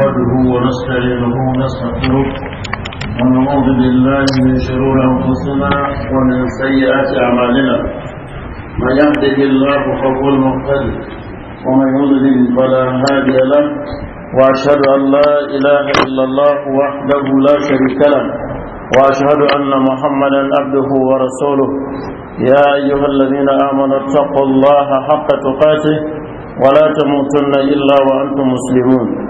نحمده ونستعينه ونستغفره ونعوذ بالله من شرور انفسنا ومن سيئات اعمالنا من يهده الله فهو المهتدي ومن يضلل فلا هادي له واشهد ان لا اله الا الله وحده لا شريك له واشهد ان محمدا عبده ورسوله يا ايها الذين امنوا اتقوا الله حق تقاته ولا تموتن الا وانتم مسلمون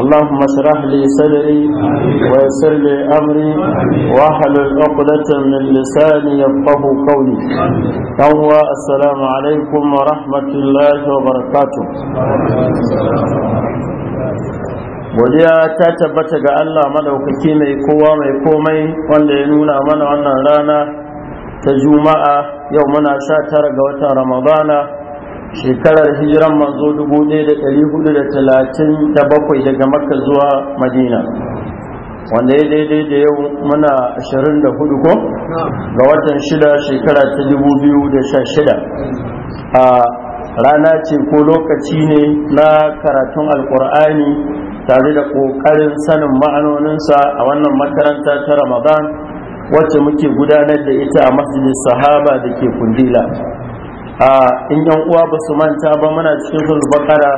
اللهم اشرح لي صدري ويسر لي امري واحلل عقدة من لساني يفقه قولي هو السلام عليكم ورحمة الله وبركاته godiya ta tabbata ga Allah madaukaki mai kowa mai komai wanda ya nuna mana wannan rana ta juma'a yau muna sha tara ga watan ramadana shekarar hijiran manzo bakwai daga makka zuwa madina wanda ya daidai da yau muna 24 ko ga watan shida shekara ta 2016 a rana ce ko lokaci ne na karatun alkur'ani tare da ƙoƙarin sanin ma'anoninsa a wannan makaranta ta ramadan wacce muke gudanar da ita a masjidin sahaba da ke kundila a in yan uwa ba su manta ba muna cikin sulhu bakara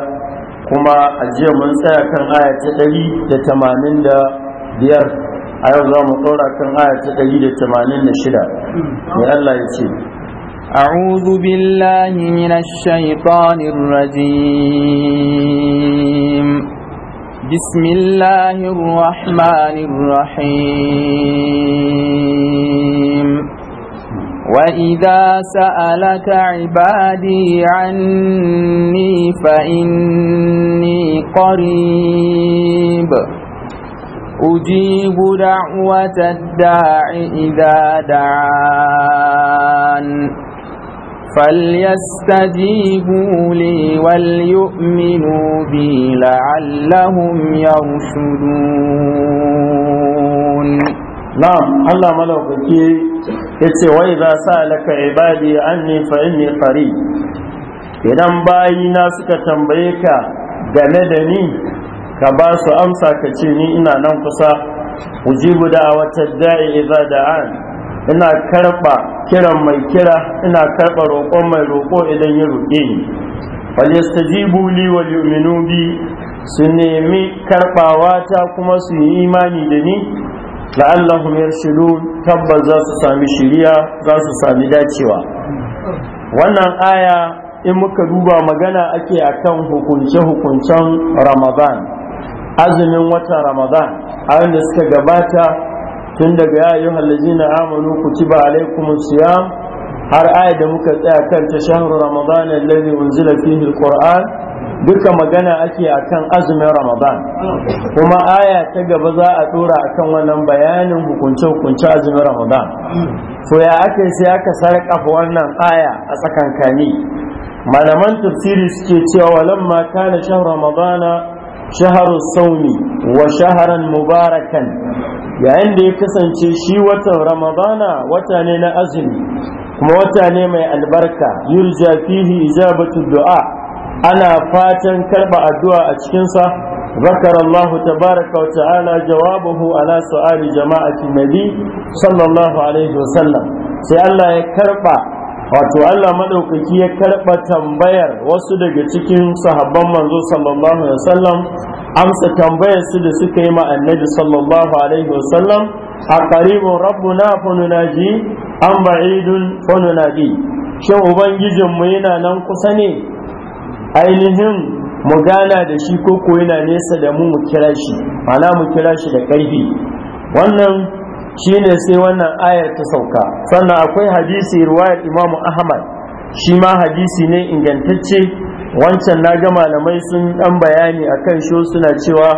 kuma a jiya mun tsaya kan aya ta ɗari da tamanin da biyar a yau za mu ɗora kan aya ta ɗari da tamanin da shida mai allah ya ce أعوذ بالله من الشيطان الرجيم بسم الله الرحمن الرحيم وَإِذَا سَأَلَكَ عِبَادِي عَنِّي فَإِنِّي قَرِيبٌ أُجِيبُ دَعْوَةَ الدَّاعِ إِذَا دَعَانِ فَلْيَسْتَجِيبُوا لِي وَلْيُؤْمِنُوا بِي لَعَلَّهُمْ يَرْشُدُونَ na'am Allah malaukaki yace wa idza sa'alaka ibadi anni fa ne fari? idan bayina suka tambaye ka game da ni ka ba su amsa ka ce ni ina nan kusa ujibu da wata da'i da da'an ina karba kiran mai kira ina karba roƙon mai roƙo idan ya roƙe ni wal yastajibu li wal yu'minu bi su nemi karbawa ta kuma su yi imani da ni la'allahum shiru, tabbas za su sami shiriya za su sami dacewa wannan aya in muka duba magana ake akan hukunce-hukuncen ramadan azumin watan ramadan a da suka gabata tun daga ya yi amanu kutiba alaikum siyam har aya da muka tsaya kan ta shahar ramadan alladhi unzila fihi alquran duka magana ake akan azumin ramadan kuma aya ta gaba za a dora akan wannan bayanin hukunce hukunce azumin ramadan to ya aka sai aka sarƙafa wannan aya a tsakan tsakankani malaman tafsiri suke cewa walamma kana shahar ramadana shaharar sawmi wa shaharan mubarakan yayin da ya kasance shi watan ramadana wata ne na azumi kuma wata ne mai albarka yurja fihi ijabatu du'a ana fatan karba addu'a a cikinsa ذكر الله تبارك وتعالى جوابه على سؤال sallallahu alaihi wa sallam. Sai Allah ya يكربا wato Allah maɗaukaki ya karɓa tambayar wasu daga cikin sahabban manzo sallallahu alaihi wa sallam, amsa tambayar su da suka yi ma annabi sallallahu alaihi wa sallam, a qaribun rabbuna fa nunaji an ba'idun fanunadi shin ubangijinmu yana nan kusa ne ainihin mu gana da shi ko yana nesa da mu mu kira shi mana mu kira shi da ƙarfi wannan shine sai wannan ayar ta sauka sannan akwai hadisi ruwayar imamu ahmad shi ma hadisi ne ingantacce wancan na ga malamai sun dan bayani akan shi suna cewa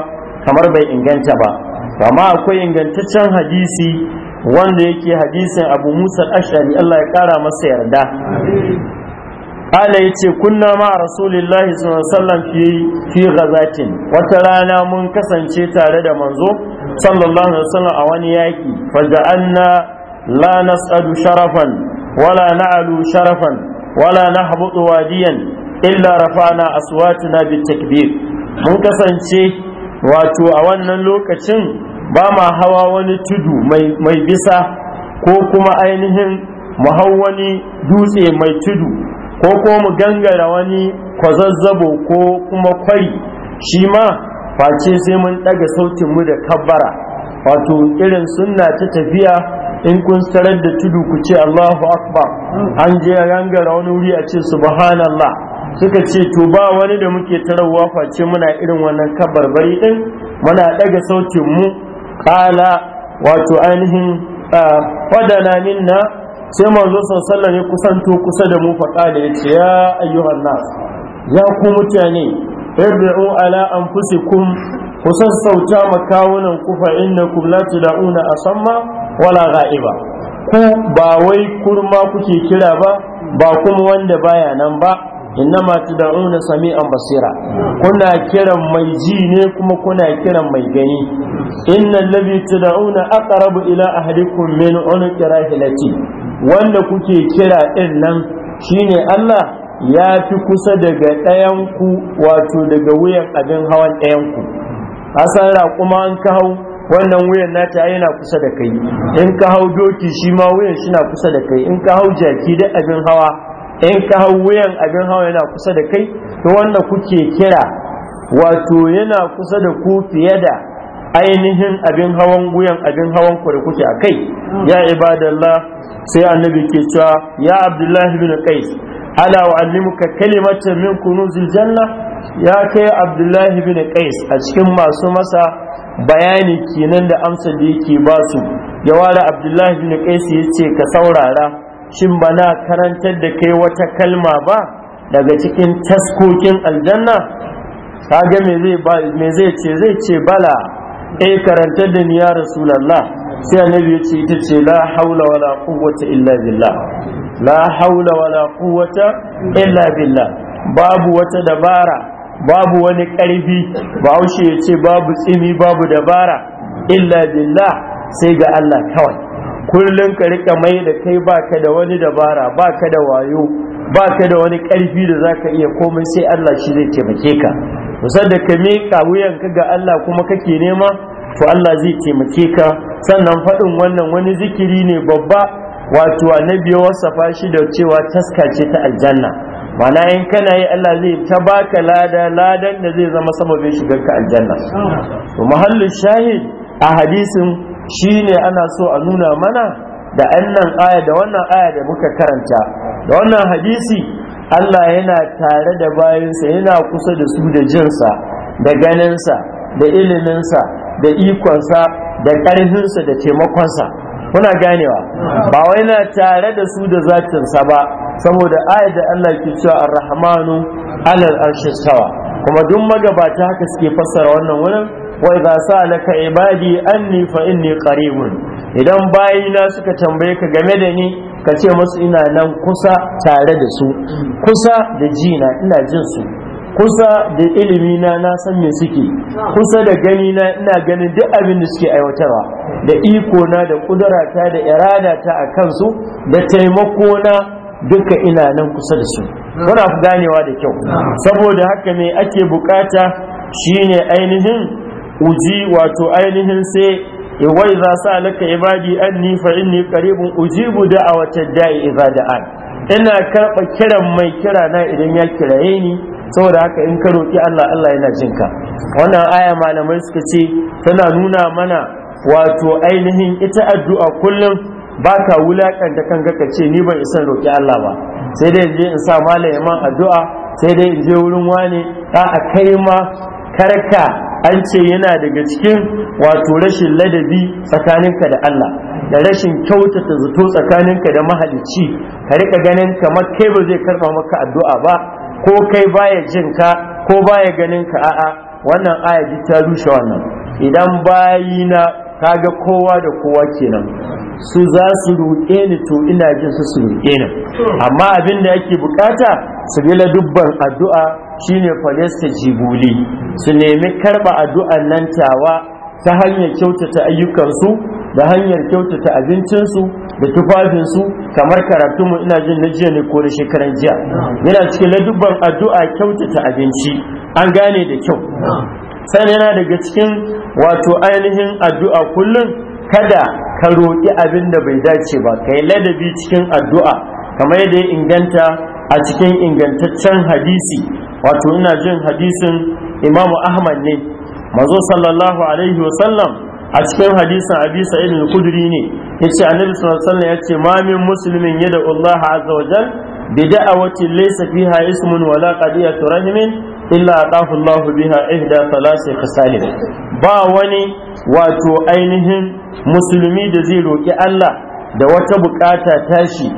kamar bai inganta ba amma akwai ingantaccen hadisi wanda yake hadisin abu musa ashari Allah ya kara masa yarda ala ya ce kunna ma rasulillahi sallallahu fi ghazatin wata rana mun kasance tare da manzo sallallahu alaihi wasallam a wani yaki anna la nas'adu sharafan wala na'alu sharafan wala nahbutu wadiyan illa rafa'na aswatuna takbir. mun kasance wato a wannan lokacin ba ma hawa wani tudu mai bisa ko kuma ainihin mu hau wani dutse mai tudu ko ko mu gangara wani kwazazzabo ko kuma kwari shi ma face sai mun ɗaga sautin mu da kabbara wato irin sunna ta tafiya in kun sarar da tudu ku ce Allahu Akbar an je gangara wani wuri a ce subhanallah suka ce to ba wani da muke tarawa face muna irin wannan bari din muna ɗaga sautin mu kala wato ainihin fadana minna sai manzo sallallahu ya kusanto kusa da mu faɗa ya ce ya ayyuhan nas ya ku mutane irbu ala anfusikum ku sassauta makawunan ku fa innakum la tad'una asamma wala ghaiba ku ba wai kurma kuke kira ba ba kuma wanda baya nan ba innama da'una sami'an basira kuna kiran mai ji ne kuma kuna kiran mai gani innal ladhi da'una aqrabu ila ahlikum min unqi rahilati wanda kuke kira din nan shine Allah ya fi kusa daga ɗayan ku wato daga wuyan abin hawan ɗayan ku asan kuma an ka hau wannan wuyan nata yana kusa da kai in ka hau doki shi ma wuyan shi na kusa da kai in ka hau jaki da abin hawa in ka hau wuyan abin hawa yana kusa da kai to wanda kuke kira wato yana kusa da ku fiye da ainihin abin hawan wuyan abin hawan ku da kuke a kai ya ibadallah sai annabi ke cewa ya abdullahi bin qais ala wa'allimuka kalimatan min kunuzil janna ya kai abdullahi bin qais a cikin masu masa bayani kenan da Amsa da yake ba su jawara abdullahi bin qais ya ka saurara shin ba na karantar da kai wata kalma ba daga cikin taskokin aljanna kaga me zai ce zai ce bala eh karantar da ni ya rasulallah sai annabi ya ce ita ce la haula wala quwwata illa billah la haula wala quwwata illa billah babu wata dabara babu wani karfi bahaushe ya ce babu tsimi babu dabara illa billah sai ga Allah kawai kullum ka rika mai da kai ba ka da wani dabara baka da wayo baka da wani karfi da zaka iya komai sai Allah shi zai taimake ka musan da ka miƙa wuyanka ga Allah kuma kake nema to Allah zai taimake ka sannan faɗin wannan wani zikiri ne babba wato annabi ya wasafa shi da cewa taska ce ta aljanna mana in kana yi Allah zai ta baka lada ladan da zai zama sama bai shigar ka aljanna to mahallin shahid a hadisin Shi ne ana so a nuna mana da annan aya da wannan aya da muka karanta da wannan hadisi Allah yana tare da bayansa yana kusa da su da jinsa da ganinsa da iliminsa da ikonsa da ƙarfinsa da taimakonsa kuna ganewa ba wai yana tare da su da zatinsa ba saboda ayat da Allah ke cewa ar-rahmanu alal arshi kuma duk magabata haka suke fassara wannan wurin wa idza salaka ibadi anni fa inni qaribun idan bayina suka tambaye ka game da ni ka ce musu ina nan kusa tare da su kusa da jina ina jin su kusa da ilimi na na san me suke kusa da gani na ina ganin duk abin da suke aiwatarwa da iko na da ta da irada ta a kansu da taimako na duka ina nan kusa da su ku ganewa da kyau saboda haka me ake bukata shine ainihin uji wato ainihin sai wai za sa laka ibadi ni fa inni qaribun a da'awata da'i idza ina karɓa kiran mai kira na idan ya kiraye ni saboda haka in ka roki Allah Allah yana jinka wannan aya malamai suka ce tana nuna mana wato ainihin ita addu'a kullum ba ka da kanka ka ce ni ban isan roƙi Allah ba sai dai je in sa malamin addu'a sai dai in je wurin wani a'a a kai ma karka an ce yana daga cikin wato rashin ladabi tsakaninka da Allah da rashin kyautata zato tsakaninka da mahalicci ka rika ganin kamar kai ba zai karfa maka addu'a ba ko kai baya jin ka ko baya ganin ka a'a wannan aya ji ta rushe wannan idan bayi na kaga kowa da kowa kenan su za su roƙe ni to ina jin su su roƙe ni amma abin da yake bukata Su yi dubban addu'a shi ne falesta jibuli su nemi karɓa addu'an nan tawa ta hanyar kyautata ayyukansu da hanyar kyautata abincinsu da tufafinsu kamar karatu mu ina jin na jiya ne ko da shekaran jiya yana cikin ladubban addu'a kyautata abinci an gane da kyau sai yana daga cikin wato ainihin addu'a kullum kada ka roƙi abin da bai dace ba ka yi ladabi cikin addu'a kamar yadda ya inganta a cikin ingantaccen hadisi wato ina jin hadisin imamu ahmad ne mazo sallallahu alaihi wasallam a cikin hadisin abi sa'id al-kudri ne yace annabi sallallahu alaihi ya yace ma min muslimin yad'u Allah azza wa jal bi da'awati laysa fiha ismun wala qadiyatu rahimin illa atahu Allah biha ihda thalathi khisalin ba wani wato ainihin musulmi da zai roki Allah da wata bukata tashi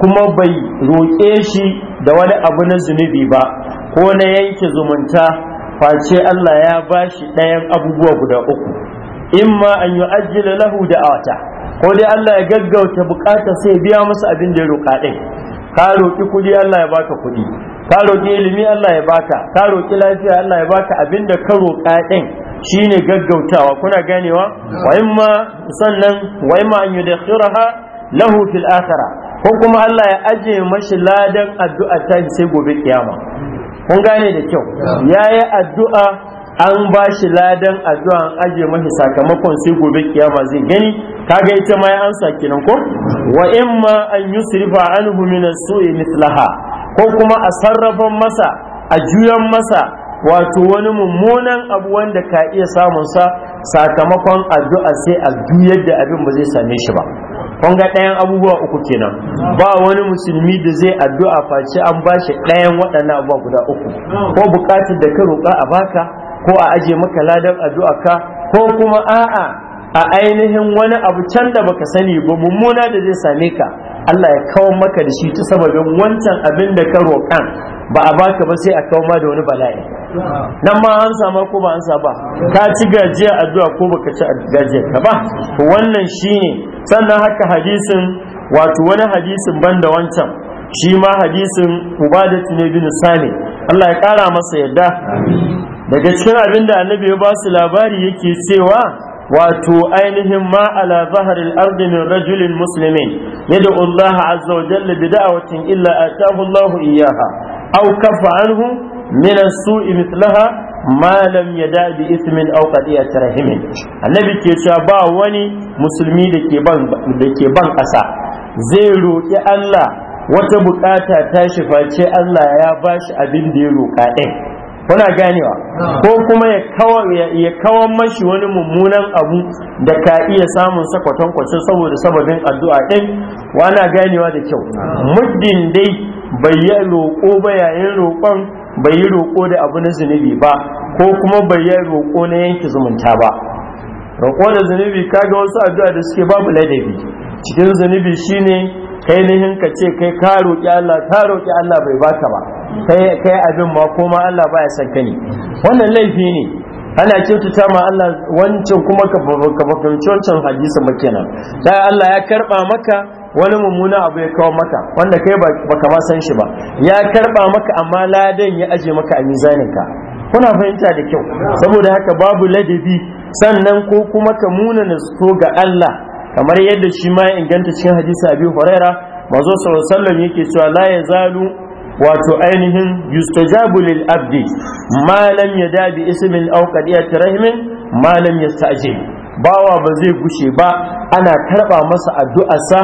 kuma bai roƙe shi da wani abu na zunubi ba ko na yanke zumunta face Allah ya ba shi ɗayan abubuwa guda uku ma an yi ajiyar lahu da awata ko dai Allah ya gaggauta bukata sai biya musu abin da ya roƙa ɗin ka roƙi kuɗi Allah ya baka kuɗi ka roƙi ilimi Allah ya baka ka roƙi lafiya Allah ya baka abin da ka roƙa ɗin shine gaggautawa kuna ganewa wa imma sannan wa imma an yudakhiraha lahu fil ko kuma Allah ya aje mashi ladan addu'a ta sai gobe kiyama kun gane da kyau yayi addu'a an ba shi ladan addu'a an aje mashi sakamakon sai gobe kiyama zai gani kaga ita ma ya ansa kenan ko wa imma an yusrifa anhu min as-su'i mithlaha ko kuma a sarrafan masa a juyan masa wato wani mummunan abu wanda ka iya samunsa sakamakon addu'a sai a juyar da abin ba zai same shi ba kun ga ɗayan abubuwa uku kenan ba wani musulmi da zai addu'a face an bashi ɗayan waɗannan abubuwa guda uku ko buƙatar da ka roƙa a baka ko a aje maka ladan addu'a ka ko kuma a'a a ainihin wani abu can da baka sani ba mummuna da zai same ka Allah ya kawo maka da shi ta sababin wancan abin da ka roƙan ba a baka ba sai a kawo ma da wani bala'i nan ma an samu ko ba an ba ka ci gajiya addu'a ko baka ci gajiya ka ba wannan shine sannan haka hadisin wato wani hadisin banda wancan shi ma hadisin ubadat ne bin sani Allah ya kara masa yadda daga cikin abin da annabi ya ba su labari yake cewa wato ainihin ma ala zaharil ardi min rajulin muslimin yad'u Allah azza wa jalla bi da'watin illa atahu Allah iyyaha Aukafa kafa anhu min as-su'i mithlaha ma ismin aukaɗi qadiyat rahimin annabi ke cewa ba wani musulmi da ke ban ƙasa. zai roƙi Allah wata bukata ta shi face Allah ya bashi abin da ya roka din kuna ganewa ko kuma ya kawo ya kawo mashi wani mummunan abu da ka iya samun sakwaton kwace saboda sababin addu'a din wana ganewa da kyau muddin dai bai yi roƙo ba yayin roƙon bai yi roƙo da abu na zunubi ba ko kuma bai yi roƙo na yanke zumunta ba roƙo da zunubi kaga wasu addu'a da suke babu ladabi cikin zunubi shine kai nihin ka ce kai ka roƙi Allah ka roƙi Allah bai baka ba kai kai abin ma kuma Allah baya son ka ne wannan laifi ne ana kyautata ma Allah wancan kuma ka fahimci wancan hadisi ba kenan da Allah ya karba maka wani mummuna abu ya kawo maka wanda kai baka ma san shi ba ya karba maka amma ladan ya aje maka a ka kuna fahimta da kyau saboda haka babu ladabi sannan ko kuma ka muna nasu ga Allah kamar yadda shi ma ya inganta cikin hadisi abi huraira mazo sallallahu alaihi yake cewa la yazalu wato ainihin yustajabu lil abdi ma lam yada bi ismin aw qadiyat rahimin ma lam yastajib bawa ba zai gushe ba ana karba masa addu'arsa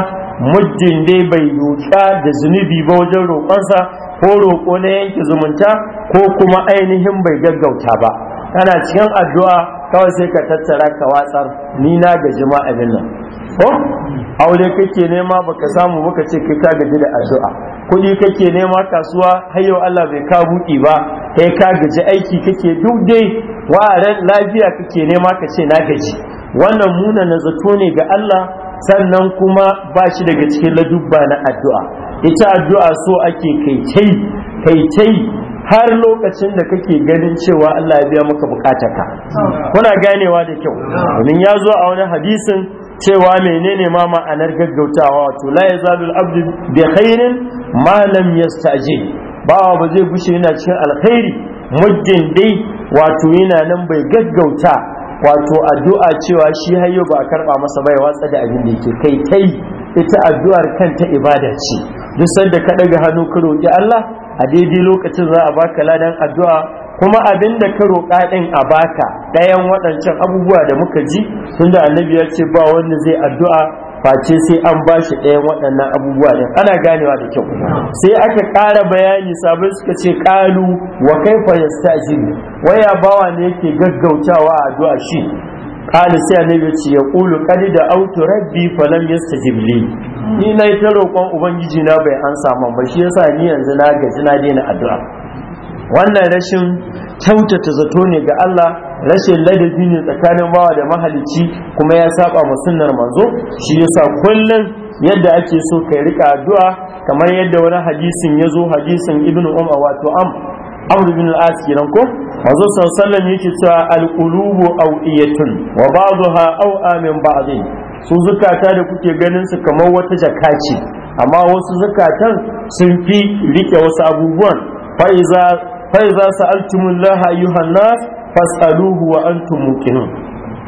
muddin dai bai yuka da zunubi ba wajen roƙonsa ko roƙo na yanke zumunta ko kuma ainihin bai gaggauta ba kana cikin addu'a kawai sai ka tattara ka watsar ni na gaji ma abin nan ko aure kake nema baka samu baka ce kai ka gaji da addu'a kuɗi kake nema kasuwa har yau Allah bai ka buɗi ba kai ka gaji aiki kake duk dai wa'aran lafiya kake nema ka ce na gaji wannan muna na zato ne ga Allah sannan kuma ba shi daga cikin ladubba na addu'a ita addu'a so ake kai kai kai har lokacin da kake ganin cewa Allah ya biya maka ka, kuna ganewa da kyau domin ya zo a wani hadisin cewa menene ma ma'anar gaggautawa wato la yazalul abdu bi khairin ma lam bawa ba zai gushe yana cikin alkhairi muddin dai wato yana nan bai gaggauta wato addu'a cewa shi hayyo ba a karba masa bai watsa da abin da yake kai kai ita addu'ar kanta ibada ce duk sanda ka daga hannu ka roki Allah a daidai lokacin za a baka ladan addu'a kuma abin da ka roƙa ɗin a baka ɗayan waɗancan abubuwa da muka ji tunda annabi ya ce ba wanda zai addu'a face sai an ba shi ɗayan waɗannan abubuwa ɗin ana ganewa da kyau sai aka ƙara bayani sabai suka ce ƙalu wa kaifa yasta'jil waya bawa ne yake gaggautawa a addu'a shi قال sai annabi ya kulu kadi da autu rabbi falam yastajib li ni na ta roƙon ubangiji na bai ansa samu ba shi yasa ni yanzu na gaji na daina addu'a wannan rashin kyautata zato ne ga Allah rashin ladabi ne tsakanin bawa da mahalicci kuma ya saba wa sunnar manzo shi yasa kullun yadda ake so kai rika addu'a kamar yadda wani hadisin ya zo hadisin ibnu umar wato am amr bin al ko manzo sallallahu yake cewa al-qulubu awiyatun wa ba'daha aw'a min ba'din su zukata da kuke ganin su kamar wata jaka ce amma wasu zukatan sun fi rike wasu abubuwan fa iza fa iza sa'altumullaha ayyuhan nas fas'aluhu wa antum muqinun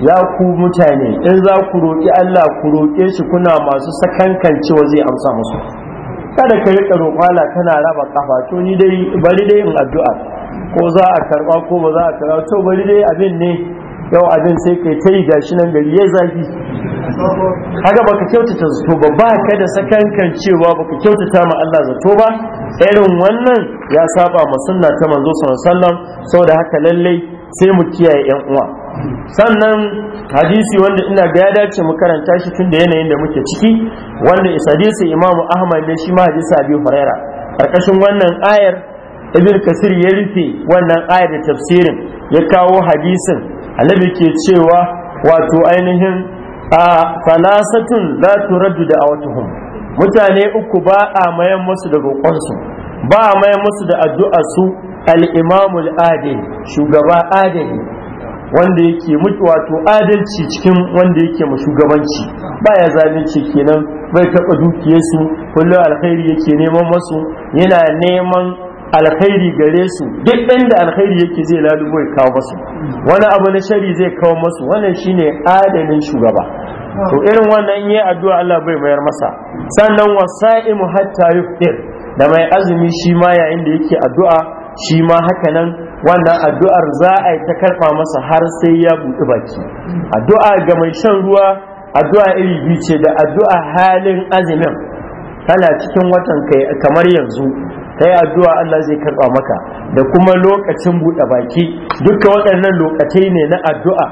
ya ku mutane in za ku roƙi Allah ku roƙe shi kuna masu sakankancewa zai amsa musu kada ka tsaro kwala, tana raba kafa to ni dai bari dai in addu'a ko za a karba ko ba za a karba to bari dai abin ne yau abin sai kai ta yi gashi nan gari ya zafi haka baka kyautata zato ba ba ka da sakankan cewa baka kyautata ma Allah zato ba irin wannan ya saba ma sunna ta manzo sallallahu alaihi wasallam saboda haka lallai sai mu kiyaye yan uwa sannan hadisi wanda ina ga ya dace mu karanta shi tun da yanayin da muke ciki wanda isa hadisi imamu ahmad ne shi ma hadisi abi huraira karkashin wannan ayar ibn kasir ya rufe wannan ayar da tafsirin ya kawo hadisin annabi ke cewa wato ainihin a falasatun la turaddu da awatuhum mutane uku ba a mayan musu da roƙonsu ba a mayan musu da addu'a su al-imamul adil shugaba adil wanda yake mutu wato adalci cikin wanda yake mu shugabanci baya zalunci kenan bai taɓa dukiyarsu kullum alkhairi yake neman masu yana neman alkhairi gare su duk da alkhairi yake zai lalubo ya kawo masu wani abu na shari zai kawo masu wannan shine adalin shugaba to irin wannan yi addu'a Allah bai mayar masa sannan wasa'imu hatta yuftir da mai azumi shi ma yayin da yake addu'a shi ma haka nan wannan addu'ar za a yi ta karfa masa har sai ya buɗi baki addu'a ga mai shan ruwa addu'a iri biyu ce da addu'a halin azumin kana cikin watan kai kamar yanzu kai addu'a Allah zai karɓa maka da kuma lokacin buɗe baki dukkan waɗannan lokacai ne na addu'a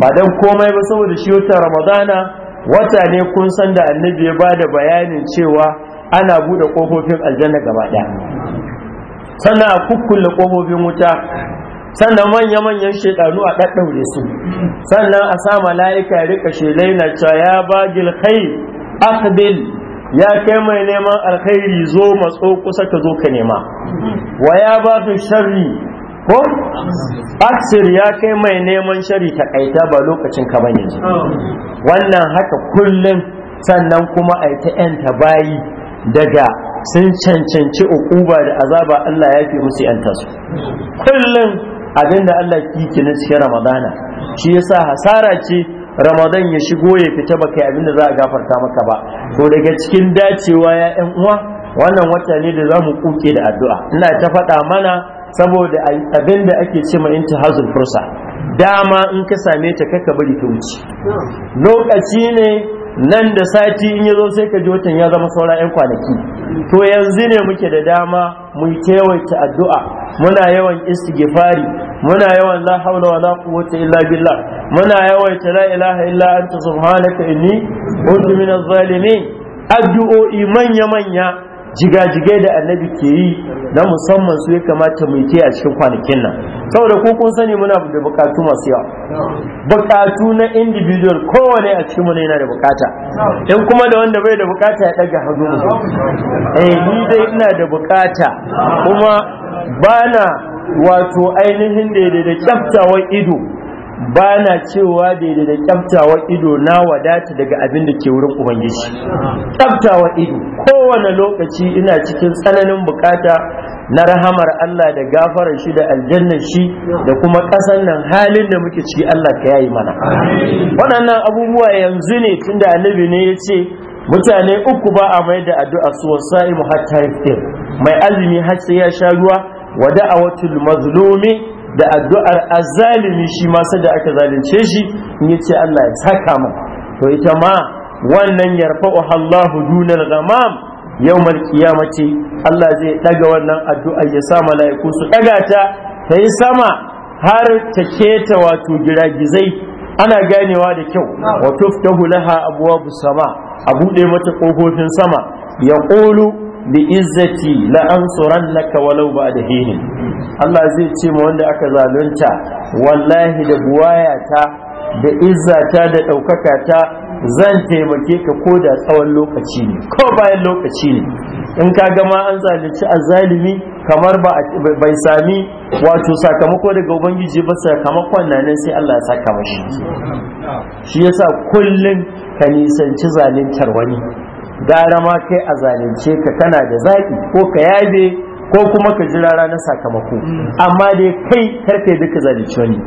ba dan komai ba saboda shi watan Ramadana wata ne kun san da annabi ya bada bayanin cewa ana buɗe kofofin aljanna gaba ɗaya sannan a kukkulle ƙofofin wuta sannan manya-manyan shekaru a ɗaɗɗaure su sannan a sa mala'ika rika shelai na cewa ya ba Gilkai aqbil ya kai mai neman alkhairi zo matso kusa ka zo ka nema wa ya ba sharri ko aksir ya kai mai neman shari ta kaita ba lokacin ka bane wannan haka kullum sannan kuma a ta yanta bayi daga sun cancanci ukuba da azaba Allah ya fi musu yanta su kullum abinda Allah kike na cikin Ramadana shi yasa hasara ce Ramadan ya shigo ya fita baka abinda za a gafarta maka ba to daga cikin dacewa ya 'yan uwa wannan wata ne da za mu kuke da addu'a ina ta faɗa mana saboda abinda ake ce ma hazul fursa dama in ka same ta kaka bari ta wuce lokaci ne nan da sati in yazo sai ka ji watan ya zama saura yan kwanaki to yanzu ne muke da dama mu kewaita addu'a muna yawan istighfari muna yawan la haula wala quwwata illa billah muna yawaita la ilaha illa anta subhanaka inni kuntu minaz zalimin addu'o'i manya manya jigajigai da annabi ke yi na musamman su ya kamata mu ke a cikin kwanakin nan saboda ko kun sani muna da bukatu masu yawa bukatu na individual kowane a cikin muna yana da bukata in kuma da wanda bai da bukata ya daga hannu eh ni dai ina da bukata kuma bana wato ainihin da da kyaftawar ido ba na cewa daidai da kyaftawa ido na wadata daga abin da ke wurin ubangiji kyaftawa ido kowane lokaci ina cikin tsananin bukata na rahamar Allah da gafarar shi da aljannar shi da kuma ƙasan nan halin da muke ciki Allah ka yayi mana waɗannan abubuwa yanzu ne tunda annabi ne ya ce mutane uku ba a mai da addu'a su wasa'imu hatta yaftir mai azumi har sai ya sha ruwa wa da'awatul mazlumi da addu'ar azalimi shi ma da aka zalunce shi in yace Allah ya saka mu to ita ma wannan yarfa'u Allahu dunal ghamam yawmal qiyamati Allah zai daga wannan addu'ar ya sa mala'iku su daga ta ta yi sama har ta keta wato giragizai ana ganewa da kyau wa tuftahu laha abwabu sama a buɗe mata ƙofofin sama Ya yaqulu bi izzati la ansurannaka walau da hin Allah zai ce ma wanda aka zalunta wallahi da buwaya ta da izzata da ɗaukaka ta zan taimake ka ko da tsawon lokaci ne ko bayan lokaci ne in ka gama an zalunci zalimi kamar ba bai sami wato sakamako daga ubangiji ba sakamakon na nan sai Allah ya saka mashi shi yasa kullum ka nisanci zaluntar wani gara ma kai a zalunce ka kana da zaƙi ko ka yabe ko kuma ka jira ranar sakamako mm. amma dai kai karka yi duka zalunce wani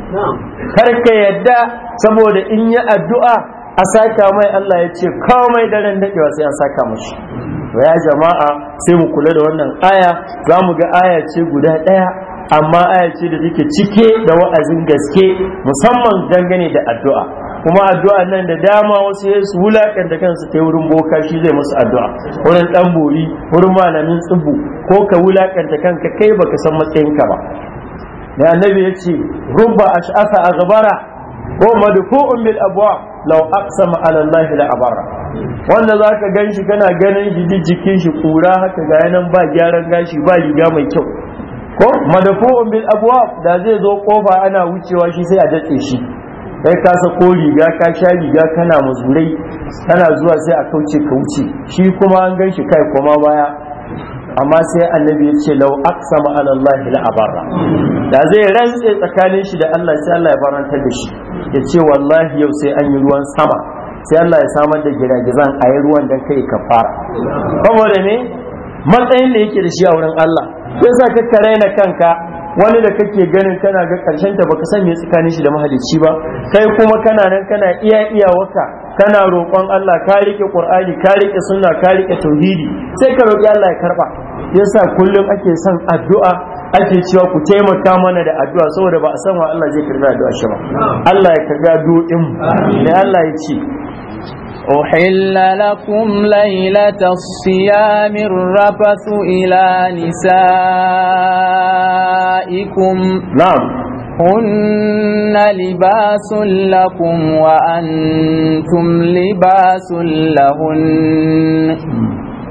karka yadda saboda in yi addu'a a saka mai Allah ya ce komai daren daɗewa sai an saka mashi mm. ya jama'a sai mu kula da wannan aya za mu ga aya ce guda ɗaya amma aya ce da take cike da wa'azin gaske musamman dangane da addu'a kuma addu'a nan da dama wasu ya su wulakan da kansu ta wurin boka shi zai musu addu'a wurin dan bori wurin malamin tsubu, ko ka wulakan da kanka kai baka san matsayinka ba da annabi ya ce rubba ash'asa aghbara ko madfu'un bil abwa law aqsama ala allahi la abara wanda zaka ganshi kana ganin shi jikin shi kura haka ga yanan ba gyaran gashi ba riga mai kyau ko madfu'un bil abwa da zai zo kofa ana wucewa shi sai a datse shi kai ka sako riga ka sha riga kana mazurai kana zuwa sai a kauce ka wuce shi kuma an gan shi kai koma baya amma sai annabi ya ce lau aqsama ala Allah la abara da zai rantse tsakanin shi da Allah sai Allah ya faranta da shi ya ce wallahi yau sai an yi ruwan sama sai Allah ya samar da giragizan a yi ruwan dan kai kafara saboda ne matsayin da yake da shi a wurin Allah yasa ka kare na kanka wani da kake ganin kana ga karshen ta baka san me tsakanin shi da mahalicci ba kai kuma kana nan kana iya iya waka kana roƙon Allah ka rike Qur'ani ka rike sunna ka rike tauhidi sai ka roƙi Allah ya karba yasa kullum ake son addu'a ake cewa ku taimaka mana da addu'a saboda ba a san wa Allah zai karba addu'a shi ba Allah ya karbi addu'o'in mu da Allah ya ce أحل لكم ليلة الصيام الرفث إلى نسائكم نعم هن لباس لكم وأنتم لباس لهن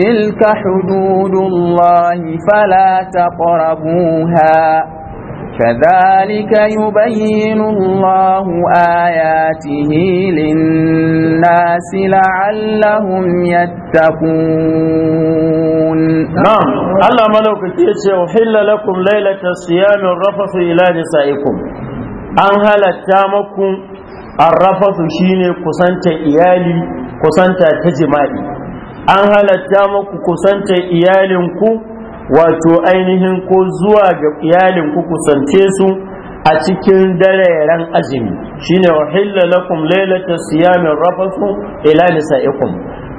تلك حدود الله فلا تقربوها كذلك يبين الله آياته للناس لعلهم يتقون نعم الله ملوك تيتي أحل لكم ليلة الصيام الرفث إلى نسائكم أنهل التامكم الرفث شيني قسنت إيالي قسنت تجمالي an halatta muku kusanta iyalinku wato ainihin ko zuwa ga iyalinku kusance su a cikin dare ran azumi shine uhilla lakum lailata siyamin rafasu ila nisaikum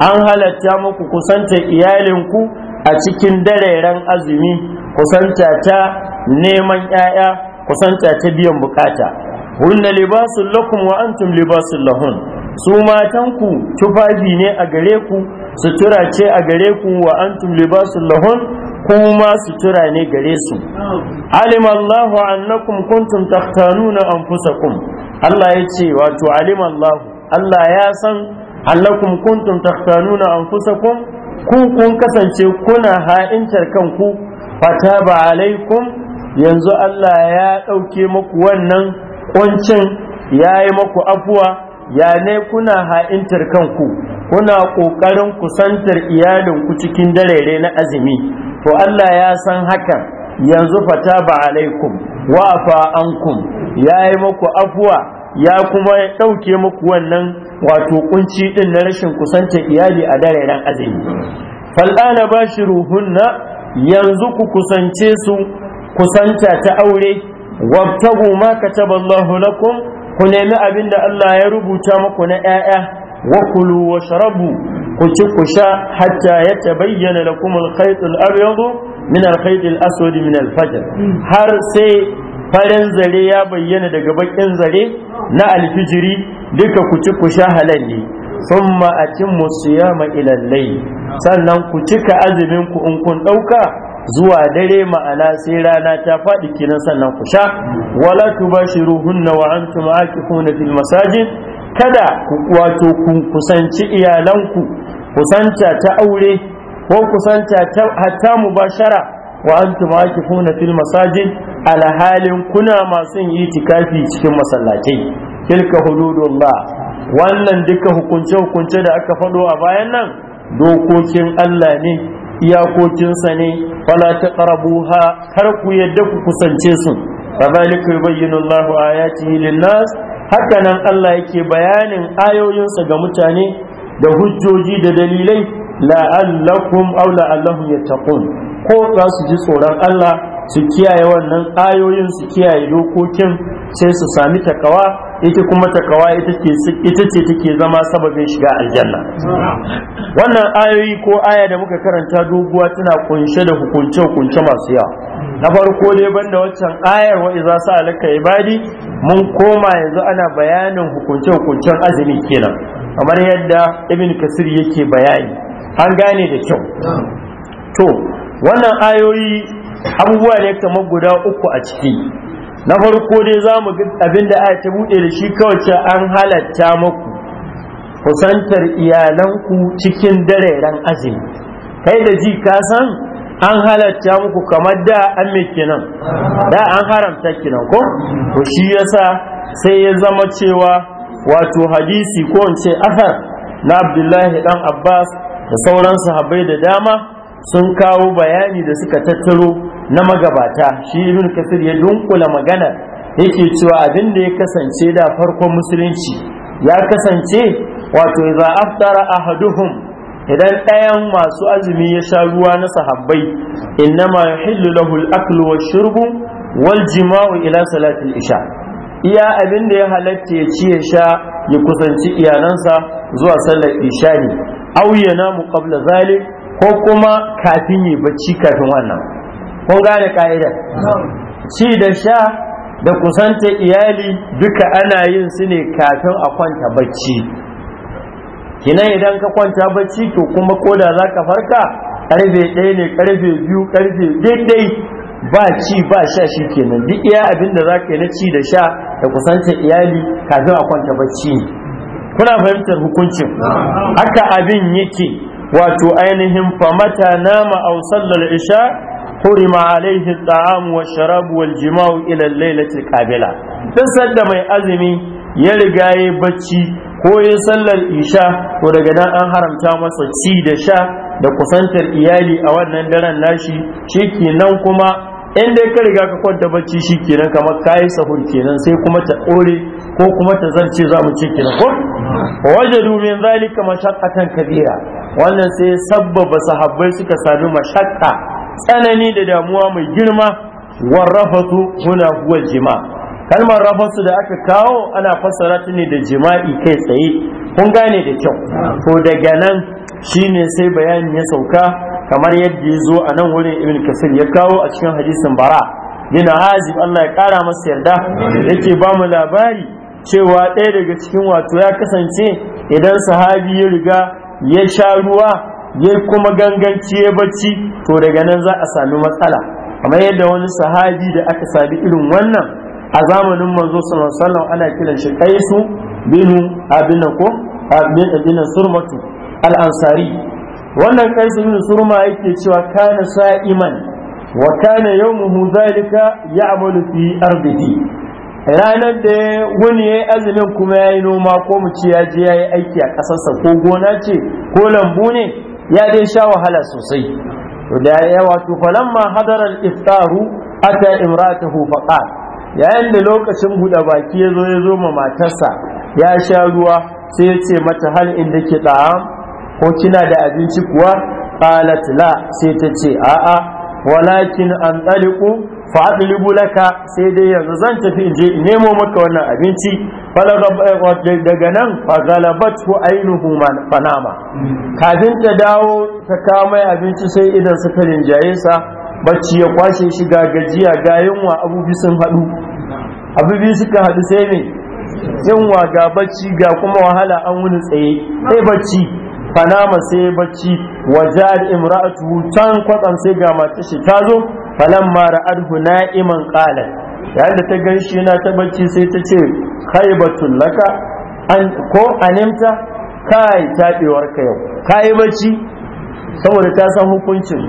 an halatta muku kusanta iyalinku a cikin dare ran azumi kusanta ta neman 'ya'ya kusanta ta biyan bukata hunna libasul lakum wa antum libasul lahun su matanku tufafi ne a gare ku sutura ce a gare ku wa antum libasul lahun kuma sutura ne gare su alim Allahu annakum kuntum takhtanuna anfusakum Allah ya ce wato alim Allah ya san annakum kuntum takhtanuna anfusakum ku kun kasance kuna ha'intar kanku fataba alaikum yanzu Allah ya ɗauke muku wannan kuncin ya yi muku afuwa ya ne kuna ha'intar kanku kuna ƙoƙarin kusantar iyalinku cikin darere na azumi to Allah ya san haka yanzu fata ba alaikum wa afa ankum ya yi muku afuwa ya kuma ya ɗauke muku wannan wato kunci ɗin na rashin kusantar iyali a dareren azumi fal'ana ba shi ruhunna yanzu ku kusance su kusanta ta aure wabtagu ma kataba lakum ku nemi abin da Allah ya rubuta muku na ‘ya'ya wa kulu wa sharabu ku ci ku sha hatta ya tabayyana lakum al kuma al-abyadu min al-khayt al min al har sai farin zare ya bayyana daga bakin zare na alfijiri duka ku ci ku sha halal ne atimmu siyama ila al sannan ku cika azumin ku in kun ɗauka. zuwa dare ma'ana sai rana ta faɗi kenan sannan ku sha wala hunna wa antum aqifuna fil masajid kada ku wato kun kusanci iyalanku kusanta ta aure ko kusanta ta hatta mubashara wa antum aqifuna fil masajid ala halin kuna masu yin tikafi cikin masallatai tilka hududullah wannan duka hukunce hukunce da aka faɗo a bayan nan dokokin Allah ne iyakokinsa ne wala ta ƙarabuha har ku yadda ku kusance su فذلك ya ci آياته nas haka nan Allah yake bayanin ayoyinsa ga mutane da hujjoji da dalilai la'allakum aw la'allahum yattaqun ko za su ji tsoron Allah su kiyaye wannan ayoyin su kiyaye dokokin sai su sami takawa ita kuma takawa ita ce take zama sababin shiga aljanna wannan ayoyi ko aya da muka karanta doguwa tana kunshe da hukunce hukunce masu yawa na farko dai banda waccan ayar wa iza sa alaka ibadi mun koma yanzu ana bayanin hukunce hukuncen azumi kenan kamar yadda ibn kasir yake bayani an gane da kyau to wannan ayoyi abubuwa ne kamar guda uku a ciki na farko dai za mu ga abin da aya ta buɗe da shi kawai an halatta maku kusantar iyalanku cikin dareren azumi kai da ji ka san an halatta muku kamar da an me kenan da an haramta kenan ko to shi yasa sai ya zama cewa wato hadisi ko in ce afar na abdullahi dan abbas da sauran sahabbai da dama sun kawo bayani da suka tattaro na magabata shi ibn kasir ya dunkula magana yake cewa abin da ya kasance da farkon musulunci ya kasance wato idza aftara ahaduhum idan ɗayan masu azumi ya sha ruwa na sahabbai innama yuhillu lahu al-aklu wash-shurbu wal jima'u ila salati isha iya abin da ya halatta ya ci ya sha ya kusanci iyalansa zuwa sallar isha ne auyana mu qabla zalik ko kuma kafin ya bacci kafin wannan kun gane ka'ida ci da sha da kusanta iyali duka ana yin su ne kafin a kwanta bacci Kina idan ka kwanta bacci to kuma koda za ka farka karfe ɗaya ne karfe biyu karfe daidai ba ci ba sha shi kenan duk iya abin da za ka yi na ci da sha da kusanta iyali kafin a kwanta bacci kuna fahimtar hukuncin haka abin yake wato ainihin famata nama a sallar isha حرم عليه الطعام والشراب والجماع إلى الليلة mai تسد ya riga يلقى bacci ko ya sallar isha ko daga nan an haramta masa ci da sha da kusantar iyali a wannan daren nashi nan kuma in ka riga ka kwanta bacci shi nan kamar kayi sahur kenan sai kuma ta ɗore ko kuma ta zance za mu ce kenan ko wajadu min zalika mashaqqatan kabira wannan sai sabbaba sahabbai suka sami mashaqqa tsanani da damuwa mai girma warrafatu huna huwa jima kalmar rafatu da aka kawo ana fassara ta ne da jima'i kai tsaye kun gane da kyau to daga nan shine sai bayanin ya sauka kamar yadda ya zo a nan wurin ibn kasir ya kawo a cikin hadisin bara yana hazi Allah ya kara masa yarda yake ba mu labari cewa ɗaya daga cikin wato ya kasance idan sahabi ya riga ya sha ruwa yai kuma ganganci ya bacci to daga nan za a sami matsala kamar yadda wani sahabi da aka sami irin wannan a zamanin manzo sallallahu ana kiran shi kaisu binu abin ko abin surmatu al-ansari wannan kaisu binu surma yake cewa kana sa'iman wa kana yawmuhu zalika ya'malu fi ardihi ranar da wani ya azumin kuma ya yi noma ko mu ce ya je ya yi aiki a ƙasarsa ko gona ce ko lambu ne ya dai sha wahala sosai da ya wato falamma hadara al-iftaru ata imratuhu faqat yayin da lokacin buɗe baki ya zo ya zo ma matarsa ya sha ruwa sai ya ce mata hal inda ke ta'am ko kina da abinci kuwa qalat la sai ta ce a'a walakin an taliqu faɗi laka sai dai yanzu zan tafi je nemo maka wannan abinci eh, daga nan fa galabat ko ainihu fanama kafin ta dawo ta kama abinci sai idan suka rinjaye sa bacci ya kwashe shi ga gajiya ga yunwa abubuwa sun haɗu abubuwa suka haɗu sai ne yunwa ga bacci ga kuma wahala an wuni tsaye sai bacci fanama sai bacci wajar imra'atu can kwatsam sai ga mace shi ta zo falamma ra'adhu na'iman qalat yayin da ta ganshi yana ta bacci sai ta ce khaybatul laka an ko animta kai tabewar ka yau kai bacci saboda ta san hukuncin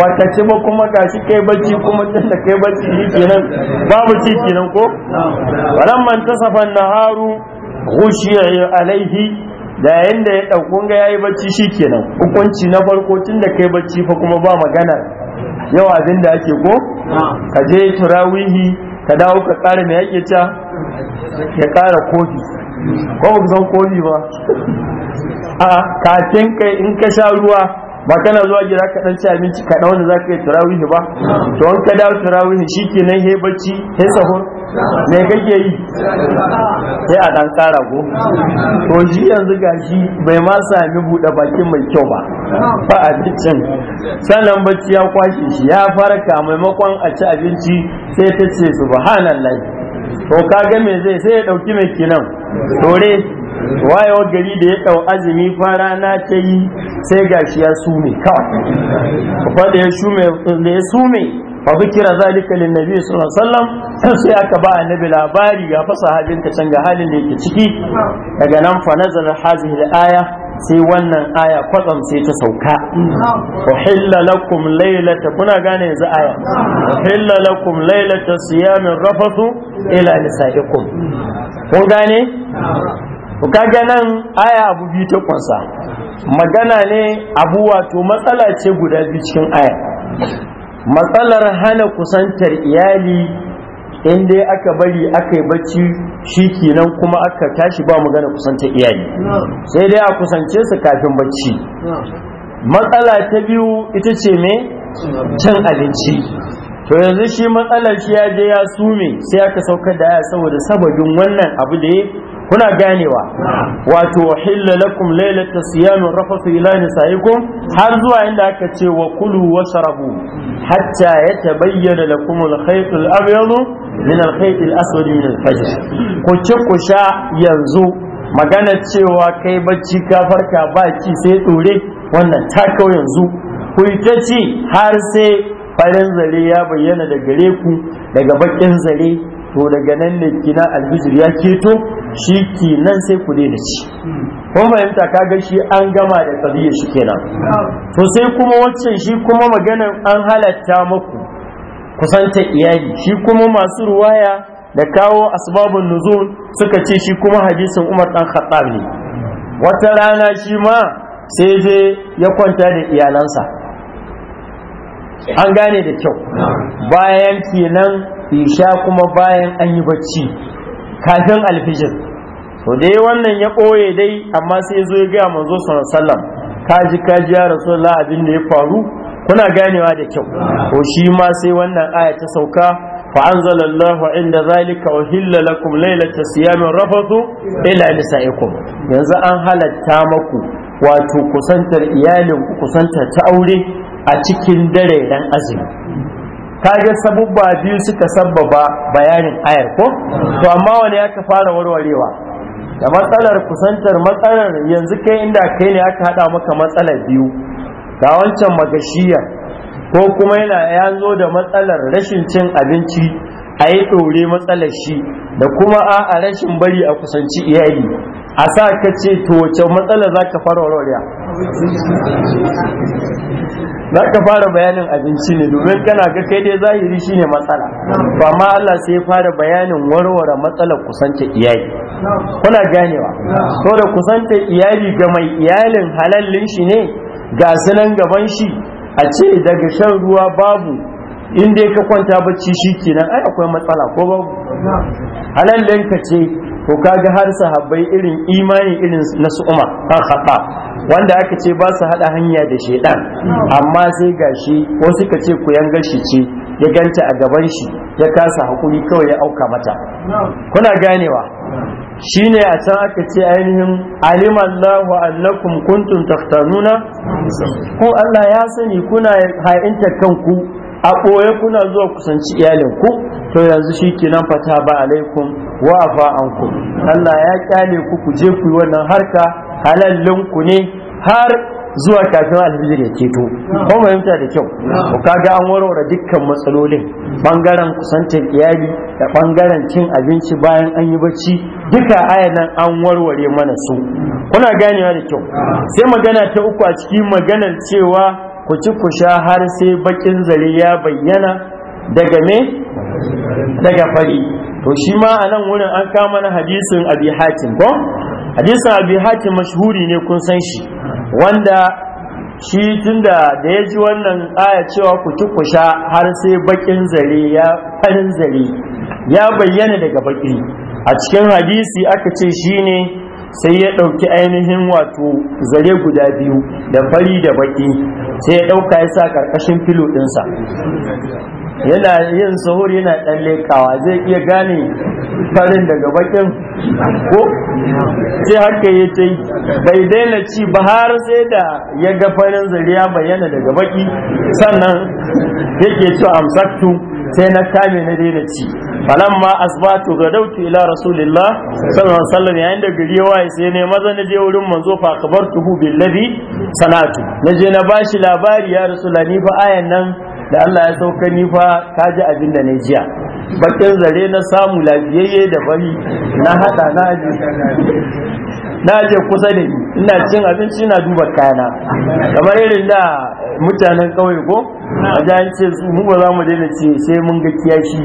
ba ka ci ba kuma shi kai bacci kuma da kai bacci kenan babu ci kenan ko falamma tasafa naharu ghushiya alaihi da yayin da ya dauko ga yayi bacci shikenan hukunci na farko tun da kai bacci fa kuma ba magana Yau abin da ake ko ka je turawihi ka dawo ka ƙara mai yake ta, ya ƙara kofi ko ba san kofi ba a kafin kai in ka sha ruwa ba kana zuwa gida ka dan ci abinci ka dan wanda zaka yi tarawih ba to an ka dawo tarawih shikenan he bacci he sahur me kake yi sai a dan kara go to shi yanzu gashi bai ma sami buɗe bakin mai kyau ba ba a abincin sannan bacci ya kwashe shi ya farka maimakon a ci abinci sai ta ce subhanallahi to kaga me zai sai ya dauki mai kinan dore wayewar gari da ya ɗau azumi fara na ta yi sai gashi ya sume kawai fa da ya sume fa fikira zalika lin nabi sallallahu alaihi wasallam sai aka ba annabi labari ya fa sahabin ta canza halin da yake ciki daga nan fa nazala hazihi alaya sai wannan aya kwatsam sai ta sauka uhilla lakum laylata kuna gane yanzu aya uhilla lakum laylata siyamin rafathu ila nisaikum kun gane ka kaga nan aya abu biyu ta kunsa magana ne abu wato matsala ce guda biyu cikin aya matsalar hana kusantar iyali in dai aka bari aka yi bacci shi kenan kuma aka tashi ba magana kusantar iyali sai dai a kusance su kafin bacci matsala ta biyu ita ce me cin abinci to yanzu shi matsalar shi ya je ya sume sai aka saukar da ya saboda sababin wannan abu da ya kuna ganewa wato hilla lakum lailata siyam rafasu ila nisaikum har zuwa inda aka ce wa kulu washrabu hatta yatabayyana lakum al-khayt al-abyad min al-khayt al-aswad min al-fajr ku ci ku sha yanzu magana cewa kai bacci ka farka ba sai dore wannan ta kau yanzu ku ta ci har sai farin zare ya bayyana da gare ku daga bakin zare to daga nan ne kina alhijir ya keto shi nan sai ku daina ci ko fahimta ga shi an gama da tsabiyar shi kenan to sai kuma waccan shi kuma maganan an halatta muku kusanta iyali shi kuma masu ruwaya da kawo asbabun nuzul suka ce shi kuma hadisin Umar dan Khattab ne wata rana shi ma sai je ya kwanta da iyalansa an gane da kyau bayan kenan isha kuma bayan an yi bacci kafin alfijir to dai wannan ya ɓoye dai amma sai zo ya gaya manzo sallam kaji kaji ya rasulullah abin da ya faru kuna ganewa da kyau to shi ma sai wannan aya ta sauka anzalallahu inda zalika wa hilla lakum laylata الصيام الرفث ila نسائكم yanzu an halatta maku wato kusantar iyalin kusantar ta aure a cikin dare dan azumi Ka ga sabubba biyu suka sabbaba bayanin ayar ko to amma wani aka fara warwarewa da matsalar kusantar matsalar yanzu kai inda kai ne aka hada maka matsalar biyu ga wancan magashiyar ko kuma yana ya zo da matsalar rashin cin abinci a yi ɗore matsalar shi da kuma a rashin bari a kusanci iyali a sa ka ce to wace matsala za ka fara warwarewa za ka fara bayanin abinci ne domin kana ga kai dai zahiri shine matsala ba ma Allah sai ya fara bayanin warware matsalar kusanta iyali kuna ganewa to da kusanta iyali ga mai iyalin halallin shi ne ga sunan gaban shi a ce daga shan ruwa babu in dai ka kwanta bacci shi kenan ai akwai matsala ko babu halallin ka ce ko kaga har sahabbai irin imani irin na su umar kan wanda aka ce ba su hada hanya da shaidan amma sai gashi ko suka ce ku yanga shi ce ya ganta a gaban shi ya kasa hakuri kawai ya auka mata kuna ganewa shine a can aka ce ainihin alimallahu allakum kuntum taftanuna ko Allah ya sani kuna ha'intar kanku a ɓoye kuna zuwa kusanci iyalinku to yanzu shi kenan fata ba alaikum wa afa Allah ya kyale ku ku je ku yi wannan harka halallin ku ne har zuwa kafin alhijir ya ceto, ko fahimta da kyau ku kaga an warware dukkan matsalolin bangaren kusantar iyali da bangaren cin abinci bayan an yi bacci duka ayan nan an warware mana su kuna ganewa da kyau sai magana ta uku a cikin maganar cewa ku ci ku sha har sai bakin zare ya bayyana daga me daga fari to shi ma a nan wurin an kama na hadisin abi hatim ko hadisin abi hatim mashhuri ne kun san shi wanda shi tunda da ya ji wannan aya cewa ku tukusha har sai bakin zare ya farin zare ya bayyana daga baki a cikin hadisi aka ce shi ne sai ya ɗauki ainihin wato zare guda biyu da fari da baki sai ya ɗauka ya sa ƙarƙashin filo ɗinsa yana yin sahur yana dan lekawa zai iya gane farin daga bakin ko sai haka ya ce bai daina ci ba har sai da ya ga farin zariya bayyana daga baki sannan yake ce amsaktu sai na kame na daina ci falamma asbatu dauki ila rasulillah sallallahu alaihi wasallam yayin da gari waye sai ne maza na je wurin manzo fa kabartuhu billadhi sanatu na je na bashi labari ya rasulani fa ayan nan da Allah ya sauka ni fa ka ji abin da na jiya bakin zare na samu lafiyayye da bari na hada na aji na je kusa da ni ina cin abinci ina duba kayana kamar irin da mutanen kawai ko a an ce su mu ba za mu daina ce sai mun ga kiyashi